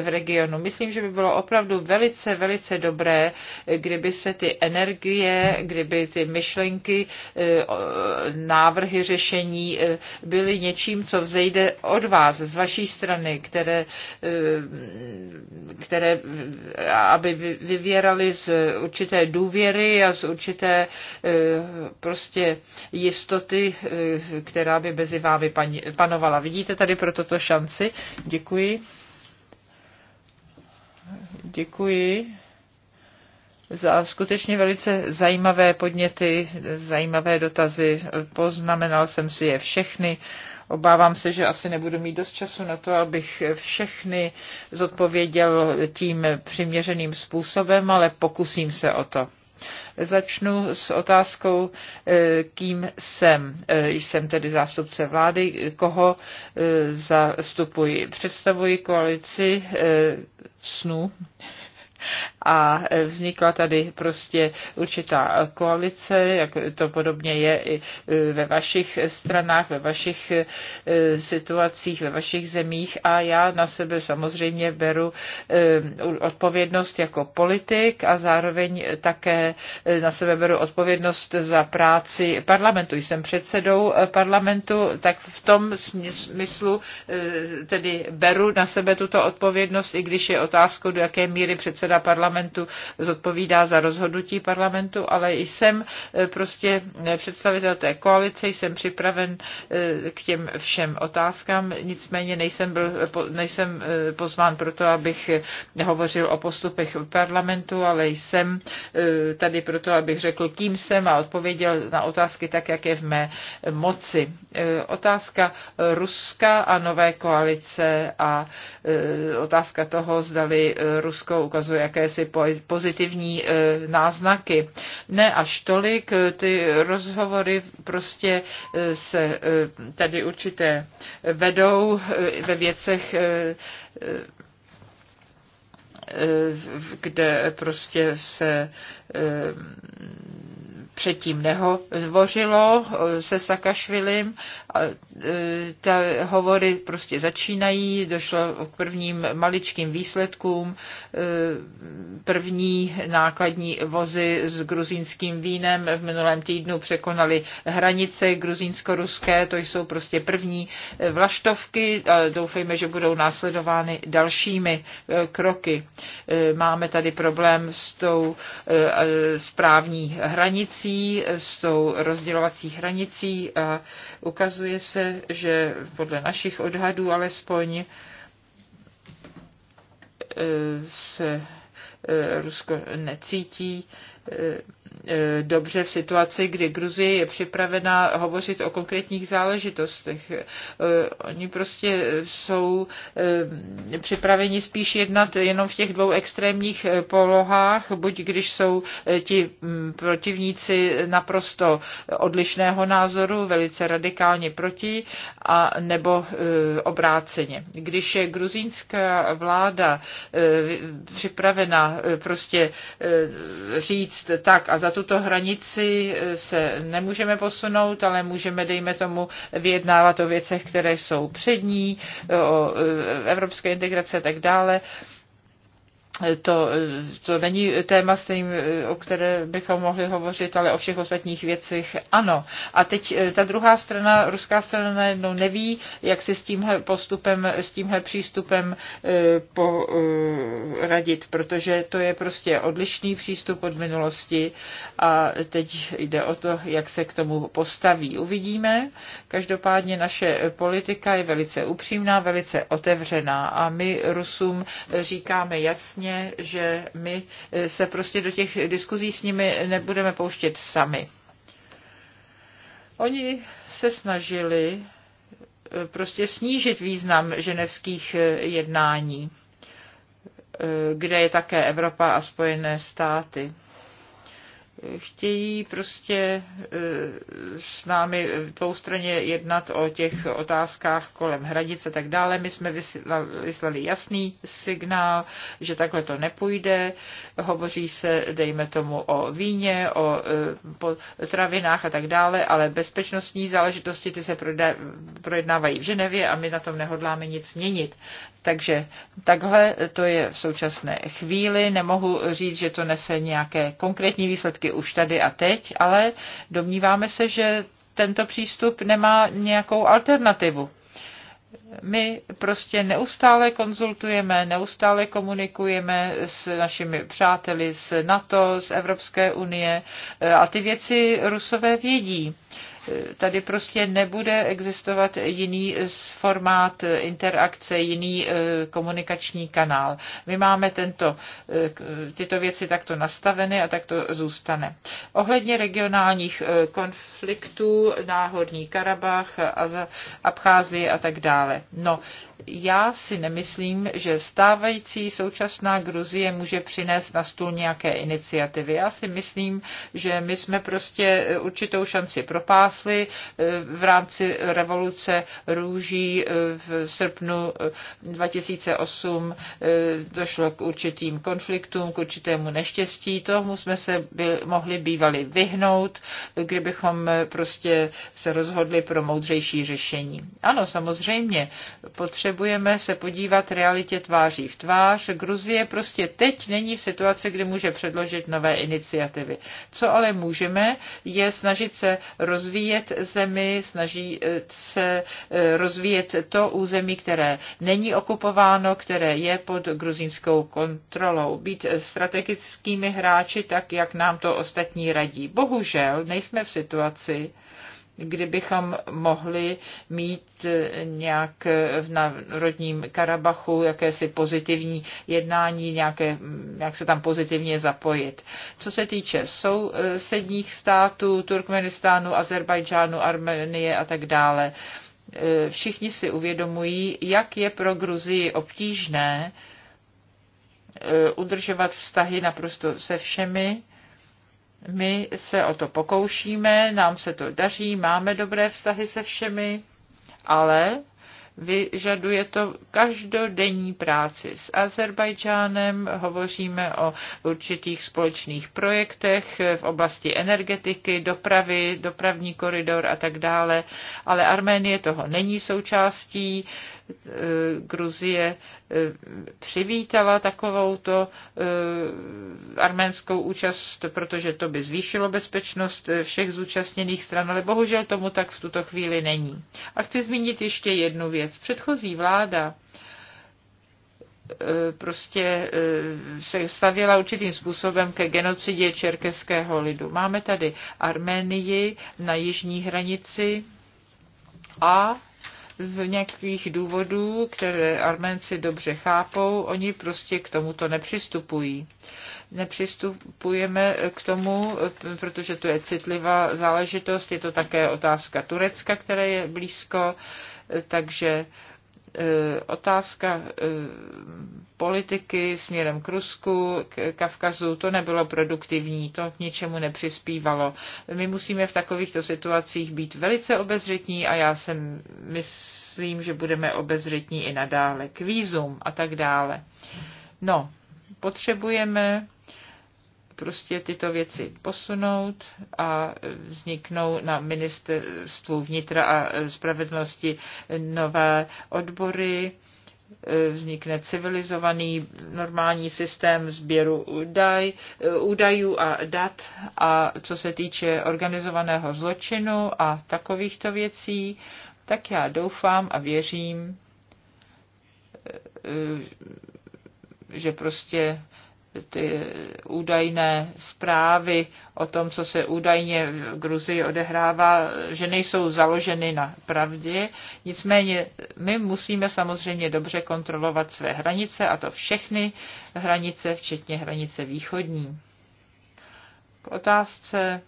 v regionu. Myslím, že by bylo opravdu velice, velice dobré, kdyby se ty energie, kdyby ty myšlenky, eh, návrhy řešení eh, byly něčím, co vzejde od vás, z vaší strany, které, eh, které eh, aby vyvěraly z určité důvěry a z určité eh, prostě jistoty, která by mezi vámi panovala. Vidíte tady pro toto šanci? Děkuji. Děkuji za skutečně velice zajímavé podněty, zajímavé dotazy. Poznamenal jsem si je všechny. Obávám se, že asi nebudu mít dost času na to, abych všechny zodpověděl tím přiměřeným způsobem, ale pokusím se o to. Začnu s otázkou, eh, kým jsem. Eh, jsem tedy zástupce vlády, koho eh, zastupuji. Představuji koalici snů a vznikla tady prostě určitá koalice, jak to podobně je i e, ve vašich stranách, ve vašich e, situacích, ve vašich zemích a já na sebe samozřejmě beru e, odpovědnost jako politik a zároveň také na sebe beru odpovědnost za práci parlamentu. Jsem předsedou parlamentu, tak v tom smyslu tedy beru na sebe tuto odpovědnost, i když je otázkou, do jaké míry předseda parlamentu parlamentu, zodpovídá za rozhodnutí parlamentu, ale jsem eh, prostě eh, představitel té koalice, jsem připraven eh, k těm všem otázkám, nicméně nejsem, byl, nejsem pozván proto, abych hovořil o postupech parlamentu, ale jsem tady proto, abych řekl, kým jsem a odpověděl na otázky tak, jak je v mé moci. Otázka Ruska a nové koalice a otázka toho, zdali Rusko ukazuje jakési jakési pozitivní e, náznaky. Ne až tolik, e, ty rozhovory prostě e, se tady určité vedou ve věcech kde prostě se předtím nehovořilo eh, se Sakašvilim. Eh, ta hovory prostě začínají, došlo k prvním maličkým výsledkům. Eh, první nákladní vozy s gruzínským vínem v minulém týdnu překonaly hranice gruzínsko-ruské, to jsou prostě první vlaštovky a doufejme, že budou následovány dalšími kroky. Máme tady problém s tou správní hranicí, hranicí, s tou rozdělovací hranicí a ukazuje se, že podle našich odhadů alespoň eh, se eh, Rusko necítí eh, E, dobře v situaci, kdy Gruzie je připravena hovořit o konkrétních záležitostech. E, oni prostě jsou e, připraveni spíš jednat jenom v těch dvou extrémních polohách, buď když jsou ti protivníci naprosto odlišného názoru, velice radikálně proti, a nebo obráceně. Když je gruzínská vláda připravena prostě říct tak a za tuto hranici eh, se nemůžeme posunout, ale můžeme, dejme tomu, vyjednávat o věcech, které jsou přední, eh, o eh, evropské integrace a tak dále to, to není téma, s tým, o které bychom mohli hovořit, ale o všech ostatních věcech ano. A teď eh, ta druhá strana, ruská strana najednou neví, jak si s tímhle postupem, s tímhle přístupem eh, poradit, protože to je prostě odlišný přístup od minulosti a teď jde o to, jak se k tomu postaví. Uvidíme. Každopádně naše politika je velice upřímná, velice otevřená a my Rusům říkáme jasně, samozřejmě, že my eh, se prostě do těch diskuzí s nimi nebudeme pouštět sami. Oni se snažili eh, prostě snížit význam ženevských eh, jednání, kde je také Evropa a Spojené státy chtějí prostě eh, s námi dvoustranně jednat o těch otázkách kolem hranice a tak dále. My jsme vyslali jasný signál, že takhle to nepůjde. Hovoří se, dejme tomu, o víně, o eh, potravinách a tak dále, ale bezpečnostní záležitosti ty se projednávají v Ženevě a my na tom nehodláme nic měnit. Takže takhle to je v současné chvíli. Nemohu říct, že to nese nějaké konkrétní výsledky otázky už tady a teď, ale domníváme se, že tento přístup nemá nějakou alternativu. My prostě neustále konzultujeme, neustále komunikujeme s našimi přáteli z NATO, z Evropské unie e, a ty věci rusové vědí. Tady prostě nebude existovat jiný formát interakce, jiný e, komunikační kanál. My máme tento, e, tyto věci takto nastaveny a takto zůstane. Ohledně regionálních e, konfliktů, náhodní Karabach, Abcházie a tak dále. No, já si nemyslím, že stávající současná Gruzie může přinést na stůl nějaké iniciativy. Já si myslím, že my jsme prostě určitou šanci propásli rostly eh, v rámci revoluce růží eh, v srpnu 2008 eh, došlo k určitým konfliktům, k určitému neštěstí. Tomu jsme se byl, mohli bývali vyhnout, kdybychom prostě se rozhodli pro moudřejší řešení. Ano, samozřejmě, potřebujeme se podívat realitě tváří v tvář. Gruzie prostě teď není v situaci, kdy může předložit nové iniciativy. Co ale můžeme, je snažit se rozvíjet rozvíjet zemi, snaží eh, se eh, rozvíjet to území, které není okupováno, které je pod gruzínskou kontrolou. Být eh, strategickými hráči tak, jak nám to ostatní radí. Bohužel nejsme v situaci, kdybychom mohli mít nějak v Národním Karabachu jakési pozitivní jednání, nějaké, jak se tam pozitivně zapojit. Co se týče sousedních států, Turkmenistánu, Azerbajdžánu, Armenie a tak dále, všichni si uvědomují, jak je pro Gruzii obtížné eh, udržovat vztahy naprosto se všemi, my se o to pokoušíme, nám se to daří, máme dobré vztahy se všemi, ale vyžaduje to každodenní práci. S Azerbajdžánem hovoříme o určitých společných projektech v oblasti energetiky, dopravy, dopravní koridor a tak dále, ale Arménie toho není součástí. Gruzie eh, přivítala takovou to eh, arménskou účast, protože to by zvýšilo bezpečnost eh, všech zúčastněných stran, ale bohužel tomu tak v tuto chvíli není. A chci zmínit ještě jednu věc. Předchozí vláda prostě se stavěla určitým způsobem ke genocidě čerkeského lidu. Máme tady Arménii na jižní hranici a z nějakých důvodů, které Arménci dobře chápou, oni prostě k tomuto nepřistupují. Nepřistupujeme k tomu, protože to je citlivá záležitost, je to také otázka Turecka, které je blízko, takže Eh, otázka eh, politiky směrem k Rusku, k Kavkazu, to nebylo produktivní, to k ničemu nepřispívalo. My musíme v takovýchto situacích být velice obezřetní a já si myslím, že budeme obezřetní i nadále k vízum a tak dále. No, potřebujeme prostě tyto věci posunout a vzniknou na ministerstvu vnitra a spravedlnosti nové odbory, vznikne civilizovaný normální systém sběru údaj, údajů a dat a co se týče organizovaného zločinu a takovýchto věcí, tak já doufám a věřím, že prostě ty údajné zprávy o tom, co se údajně v Gruzii odehrává, že nejsou založeny na pravdě. Nicméně my musíme samozřejmě dobře kontrolovat své hranice, a to všechny hranice, včetně hranice východní. K otázce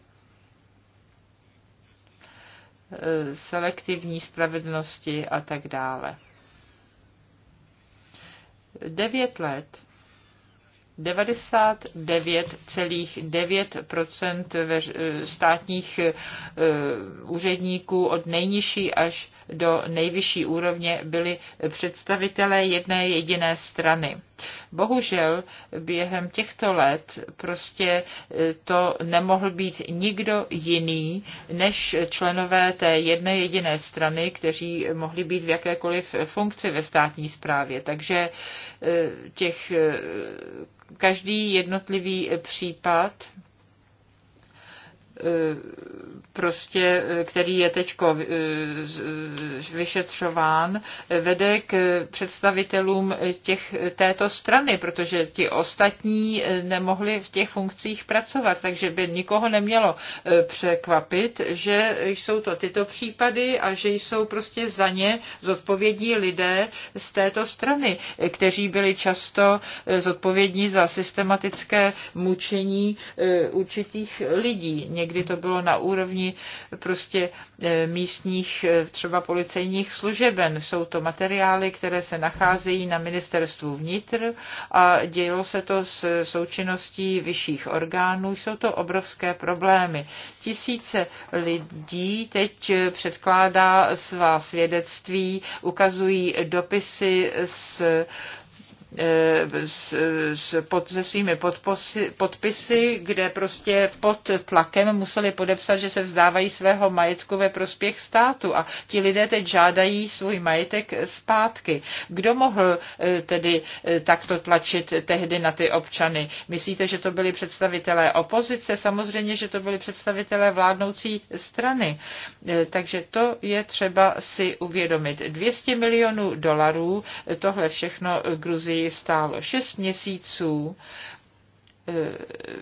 eh, selektivní spravedlnosti a tak dále. Devět let 99,9 e, státních e, úředníků od nejnižší až do nejvyšší úrovně byli představitelé jedné jediné strany. Bohužel během těchto let prostě e, to nemohl být nikdo jiný než členové té jedné jediné strany, kteří mohli být v jakékoliv funkci ve státní správě. Takže e, těch, e, každý jednotlivý případ E, prostě, e, který je teď e, vyšetřován, vede k představitelům těch, této strany, protože ti ostatní nemohli v těch funkcích pracovat, takže by nikoho nemělo překvapit, že jsou to tyto případy a že jsou prostě za ně zodpovědní lidé z této strany, kteří byli často zodpovědní za systematické mučení určitých lidí. Někdy někdy to bylo na úrovni prostě eh, místních eh, třeba policejních služeben. Jsou to materiály, které se nacházejí na ministerstvu vnitr a dělo se to s součinností vyšších orgánů. Jsou to obrovské problémy. Tisíce lidí teď eh, předkládá svá svědectví, ukazují dopisy s Eh, s, s pod, se svými podposy, podpisy, kde prostě pod tlakem museli podepsat, že se vzdávají svého majetku ve prospěch státu a ti lidé teď žádají svůj majetek zpátky. Kdo mohl eh, tedy eh, takto tlačit tehdy na ty občany? Myslíte, že to byli představitelé opozice? Samozřejmě, že to byli představitelé vládnoucí strany. Takže to je třeba si uvědomit. 200 milionů dolarů, tohle všechno Gruzii stálo šest měsíců. E,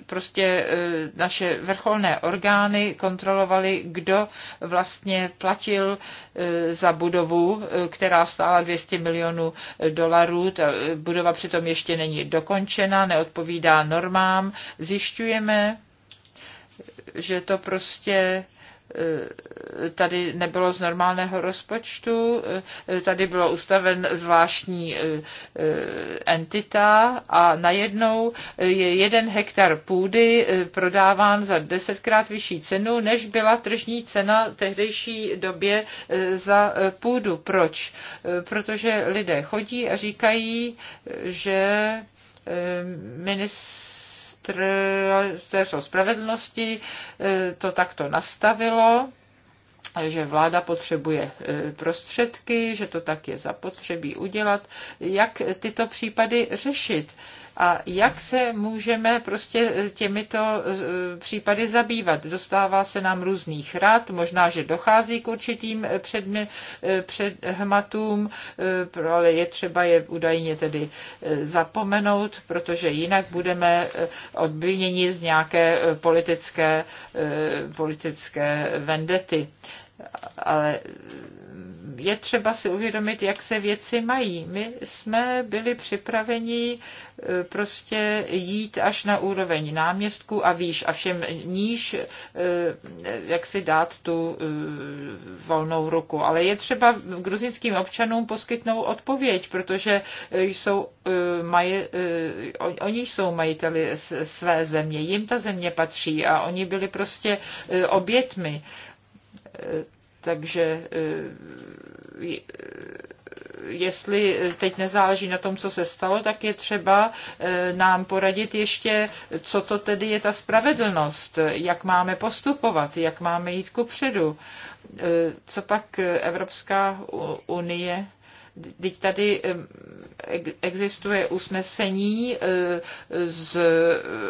prostě e, naše vrcholné orgány kontrolovaly, kdo vlastně platil e, za budovu, která stála 200 milionů dolarů. Ta budova přitom ještě není dokončena, neodpovídá normám. Zjišťujeme, že to prostě Eh, tady nebylo z normálného rozpočtu, eh, tady bylo ustaven zvláštní eh, entita a najednou je jeden hektar půdy prodáván za desetkrát vyšší cenu, než byla tržní cena tehdejší době za půdu. Proč? Protože lidé chodí a říkají, že ministr ministerstvo spravedlnosti e, to takto nastavilo, že vláda potřebuje e, prostředky, že to tak je zapotřebí udělat. Jak tyto případy řešit? a jak se můžeme prostě těmito eh, případy zabývat. Dostává se nám různých rad, možná, že dochází k určitým eh, předmě, eh, předhmatům, ale je třeba je údajně tedy zapomenout, protože jinak budeme odbíněni z nějaké politické, politické vendety ale je třeba si uvědomit, jak se věci mají. My jsme byli připraveni e, prostě jít až na úroveň náměstku a výš a všem níž, e, jak si dát tu e, volnou ruku. Ale je třeba gruzinským občanům poskytnout odpověď, protože jsou, maje, oni jsou majiteli své země, jim ta země patří a oni byli prostě obětmi. Takže eh, jestli teď nezáleží na tom, co se stalo, tak je třeba eh, nám poradit ještě, co to tedy je ta spravedlnost, jak máme postupovat, jak máme jít ku předu. Eh, co pak Evropská unie Teď tady existuje usnesení e, z,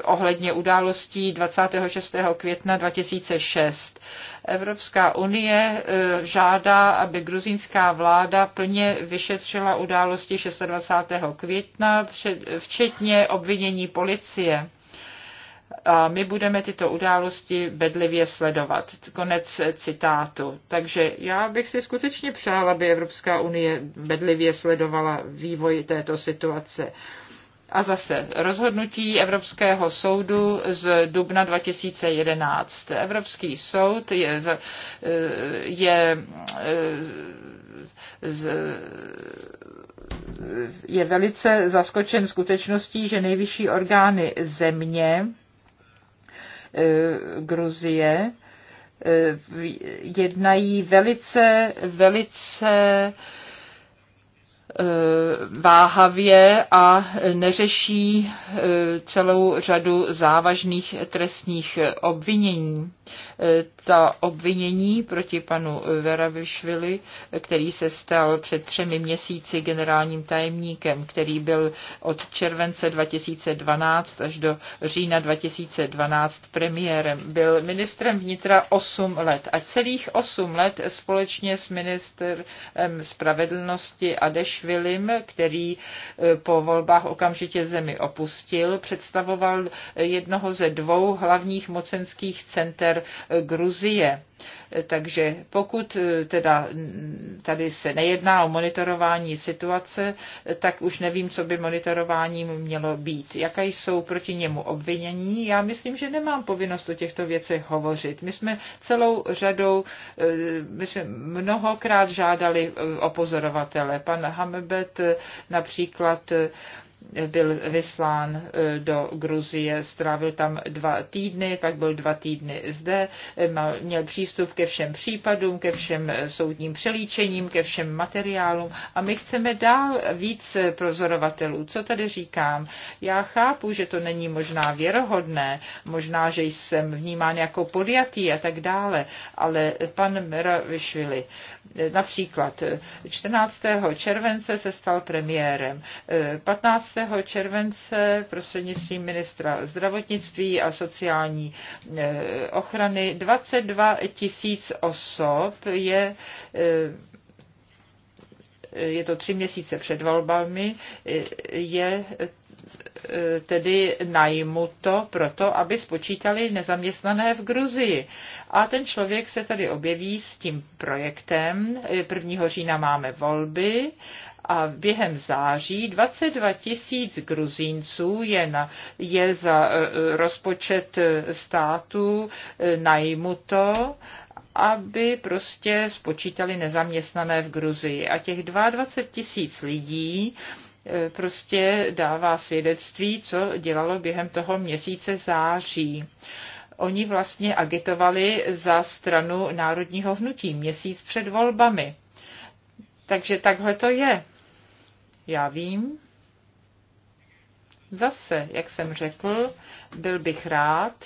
ohledně událostí 26. května 2006. Evropská unie e, žádá, aby gruzínská vláda plně vyšetřila události 26. května, včetně obvinění policie a my budeme tyto události bedlivě sledovat. Konec citátu. Takže já bych si skutečně přála, aby Evropská unie bedlivě sledovala vývoj této situace. A zase rozhodnutí Evropského soudu z dubna 2011. Evropský soud je, eh, je, je eh, je velice zaskočen skutečností, že nejvyšší orgány země E, Gruzie e, jednají velice, velice e, váhavě a neřeší celou řadu závažných trestních obvinění. Eh, ta obvinění proti panu eh, Veravišvili, eh, který se stal před třemi měsíci generálním tajemníkem, který byl od července 2012 až do října 2012 premiérem, byl ministrem vnitra 8 let a celých 8 let společně s ministrem spravedlnosti Adešvilim, který po volbách okamžitě zemi opustil, představoval jednoho ze dvou hlavních mocenských center Gruzie. Takže pokud eh, teda tady se nejedná o monitorování situace, tak už nevím, co by monitorováním mělo být. Jaké jsou proti němu obvinění? Já myslím, že nemám povinnost o těchto věcech hovořit. My jsme celou řadou, eh, my jsme mnohokrát žádali eh, o pozorovatele. Pan Hamebet například byl vyslán e, do Gruzie, strávil tam dva týdny, pak byl dva týdny zde, e, měl přístup ke všem případům, ke všem e, soudním přelíčením, ke všem materiálům a my chceme dál víc prozorovatelů. Co tady říkám? Já chápu, že to není možná věrohodné, možná, že jsem vnímán jako podjatý a tak dále, ale pan Meravišvili, například 14. července se stal premiérem, 15 15. července prostřednictvím ministra zdravotnictví a sociální eh, ochrany 22 tisíc osob je eh, je to tři měsíce před volbami, eh, je tedy najmuto proto, aby spočítali nezaměstnané v Gruzii. A ten člověk se tady objeví s tím projektem. 1. října máme volby a během září 22 tisíc Gruzínců je, na, je za e, rozpočet státu e, najmuto aby prostě spočítali nezaměstnané v Gruzii. A těch 22 tisíc lidí e, prostě dává svědectví, co dělalo během toho měsíce září. Oni vlastně agitovali za stranu národního hnutí měsíc před volbami. Takže takhle to je. Já vím. Zase, jak jsem řekl, byl bych rád,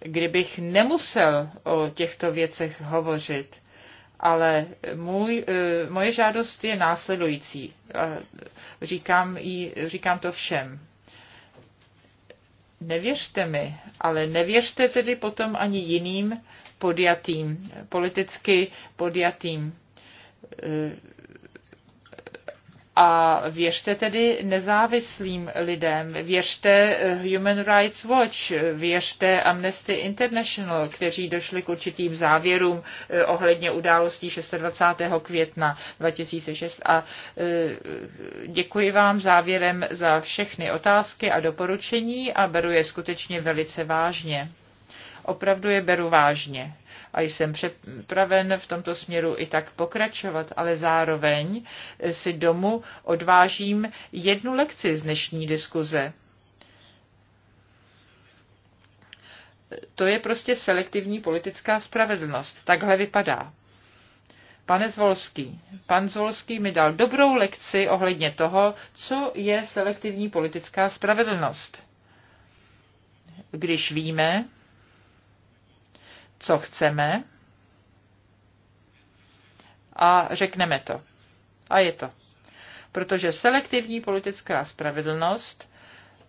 kdybych nemusel o těchto věcech hovořit, ale můj, eh, moje žádost je následující. Říkám, jí, říkám to všem. Nevěřte mi, ale nevěřte tedy potom ani jiným podjatým, politicky podjatým a věřte tedy nezávislým lidem, věřte eh, Human Rights Watch, věřte Amnesty International, kteří došli k určitým závěrům eh, ohledně událostí 26. května 2006. A eh, děkuji vám závěrem za všechny otázky a doporučení a beru je skutečně velice vážně. Opravdu je beru vážně a jsem připraven v tomto směru i tak pokračovat, ale zároveň si domů odvážím jednu lekci z dnešní diskuze. To je prostě selektivní politická spravedlnost. Takhle vypadá. Pane Zvolský, pan Zvolský mi dal dobrou lekci ohledně toho, co je selektivní politická spravedlnost. Když víme, co chceme a řekneme to. A je to. Protože selektivní politická spravedlnost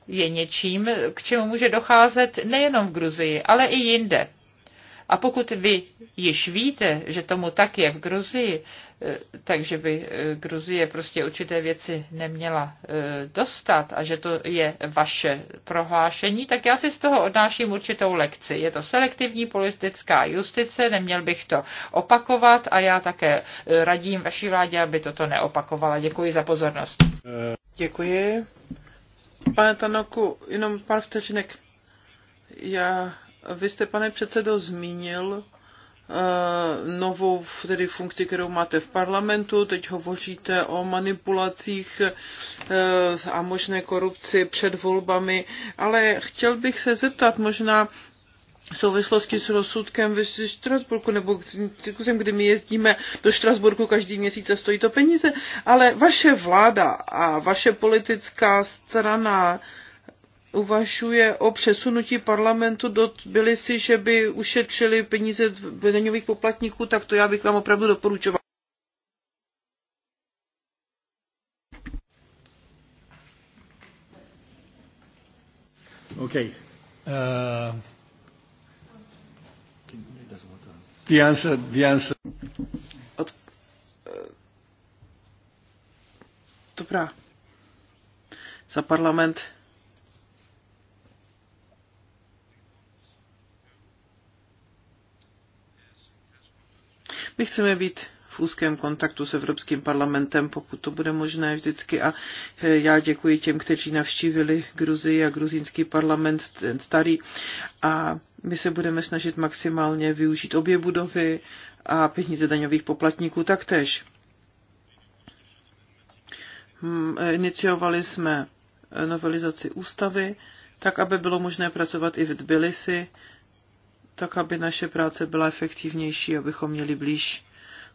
je něčím, k čemu může docházet nejenom v Gruzii, ale i jinde. A pokud vy již víte, že tomu tak je v Gruzii, eh, takže by eh, Gruzie prostě určité věci neměla eh, dostat a že to je vaše prohlášení, tak já si z toho odnáším určitou lekci. Je to selektivní politická justice, neměl bych to opakovat a já také radím vaší vládě, aby toto neopakovala. Děkuji za pozornost. Děkuji. Pane Tanoku, jenom pár vteřinek. Já vy jste, pane předsedo, zmínil eh, novou tedy funkci, kterou máte v parlamentu. Teď hovoříte o manipulacích eh, a možné korupci před volbami, ale chtěl bych se zeptat možná v souvislosti s rozsudkem ve Štrasburku, nebo kusem, kdy my jezdíme do Štrasburku každý měsíc a stojí to peníze, ale vaše vláda a vaše politická strana uvažuje o přesunutí parlamentu do Tbilisi, že by ušetřili peníze daňových poplatníků, tak to já bych vám opravdu doporučoval. Okay. Uh, the answer, the answer. Od, uh, dobrá. Za parlament My chceme být v úzkém kontaktu s Evropským parlamentem, pokud to bude možné vždycky. A eh, já děkuji těm, kteří navštívili Gruzii a gruzínský parlament, ten starý. A my se budeme snažit maximálně využít obě budovy a peníze daňových poplatníků taktéž. Hmm, eh, iniciovali jsme novelizaci ústavy, tak aby bylo možné pracovat i v Tbilisi tak aby naše práce byla efektivnější, abychom měli blíž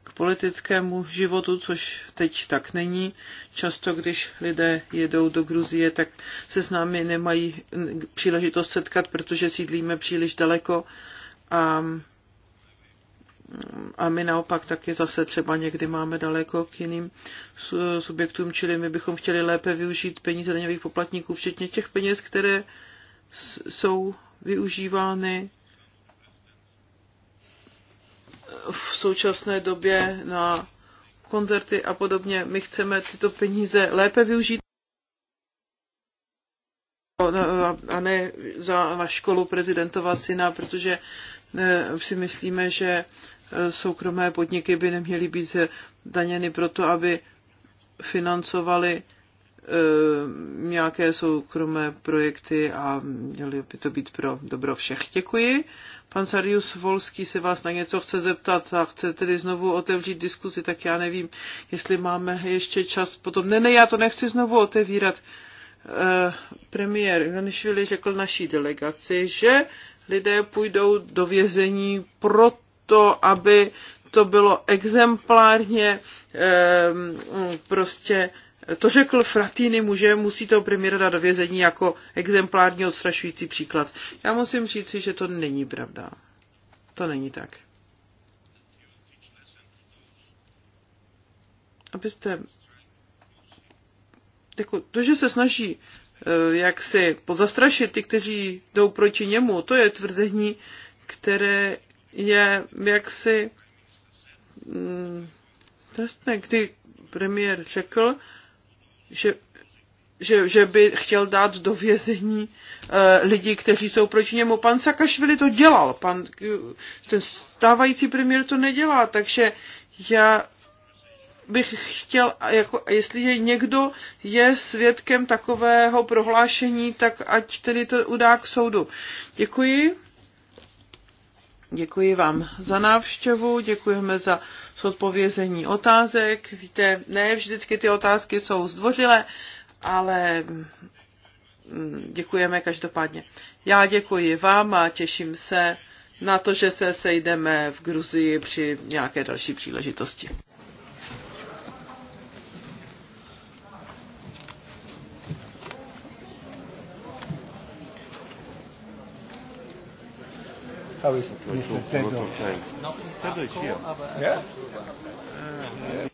k politickému životu, což teď tak není. Často, když lidé jedou do Gruzie, tak se s námi nemají příležitost setkat, protože sídlíme příliš daleko a, a my naopak taky zase třeba někdy máme daleko k jiným subjektům, čili my bychom chtěli lépe využít peníze daňových poplatníků, včetně těch peněz, které jsou využívány v současné době na koncerty a podobně. My chceme tyto peníze lépe využít a ne za, na školu prezidentova syna, protože e, si myslíme, že e, soukromé podniky by neměly být daněny proto, aby financovali Eh, nějaké soukromé projekty a měly by to být pro dobro všech. Děkuji. Pan Sarius Volský se vás na něco chce zeptat a chce tedy znovu otevřít diskuzi, tak já nevím, jestli máme ještě čas potom. Ne, ne, já to nechci znovu otevírat. E, premiér Ivanishvili řekl naší delegaci, že lidé půjdou do vězení proto, aby to bylo exemplárně e, prostě to řekl Fratýny muže, musí to premiéra dát do vězení jako exemplární odstrašující příklad. Já musím říct, že to není pravda. To není tak. Abyste... Jako, to, že se snaží eh, jak si pozastrašit ty, kteří jdou proti němu, to je tvrzení, které je jaksi mm, trestné, kdy premiér řekl, že že, že by chtěl dát do vězení e, lidi, kteří jsou proti němu. Pan Sakašvili to dělal, pan, ten stávající premiér to nedělá, takže já bych chtěl, jako, jestli je někdo je svědkem takového prohlášení, tak ať tedy to udá k soudu. Děkuji. Děkuji vám za návštěvu, děkujeme za zodpovězení otázek. Víte, ne vždycky ty otázky jsou zdvořilé, ale mm, děkujeme každopádně. Já děkuji vám a těším se na to, že se sejdeme v Gruzii při nějaké další příležitosti. How is it? Mr. Tedo? Tedo is here. Yeah? yeah.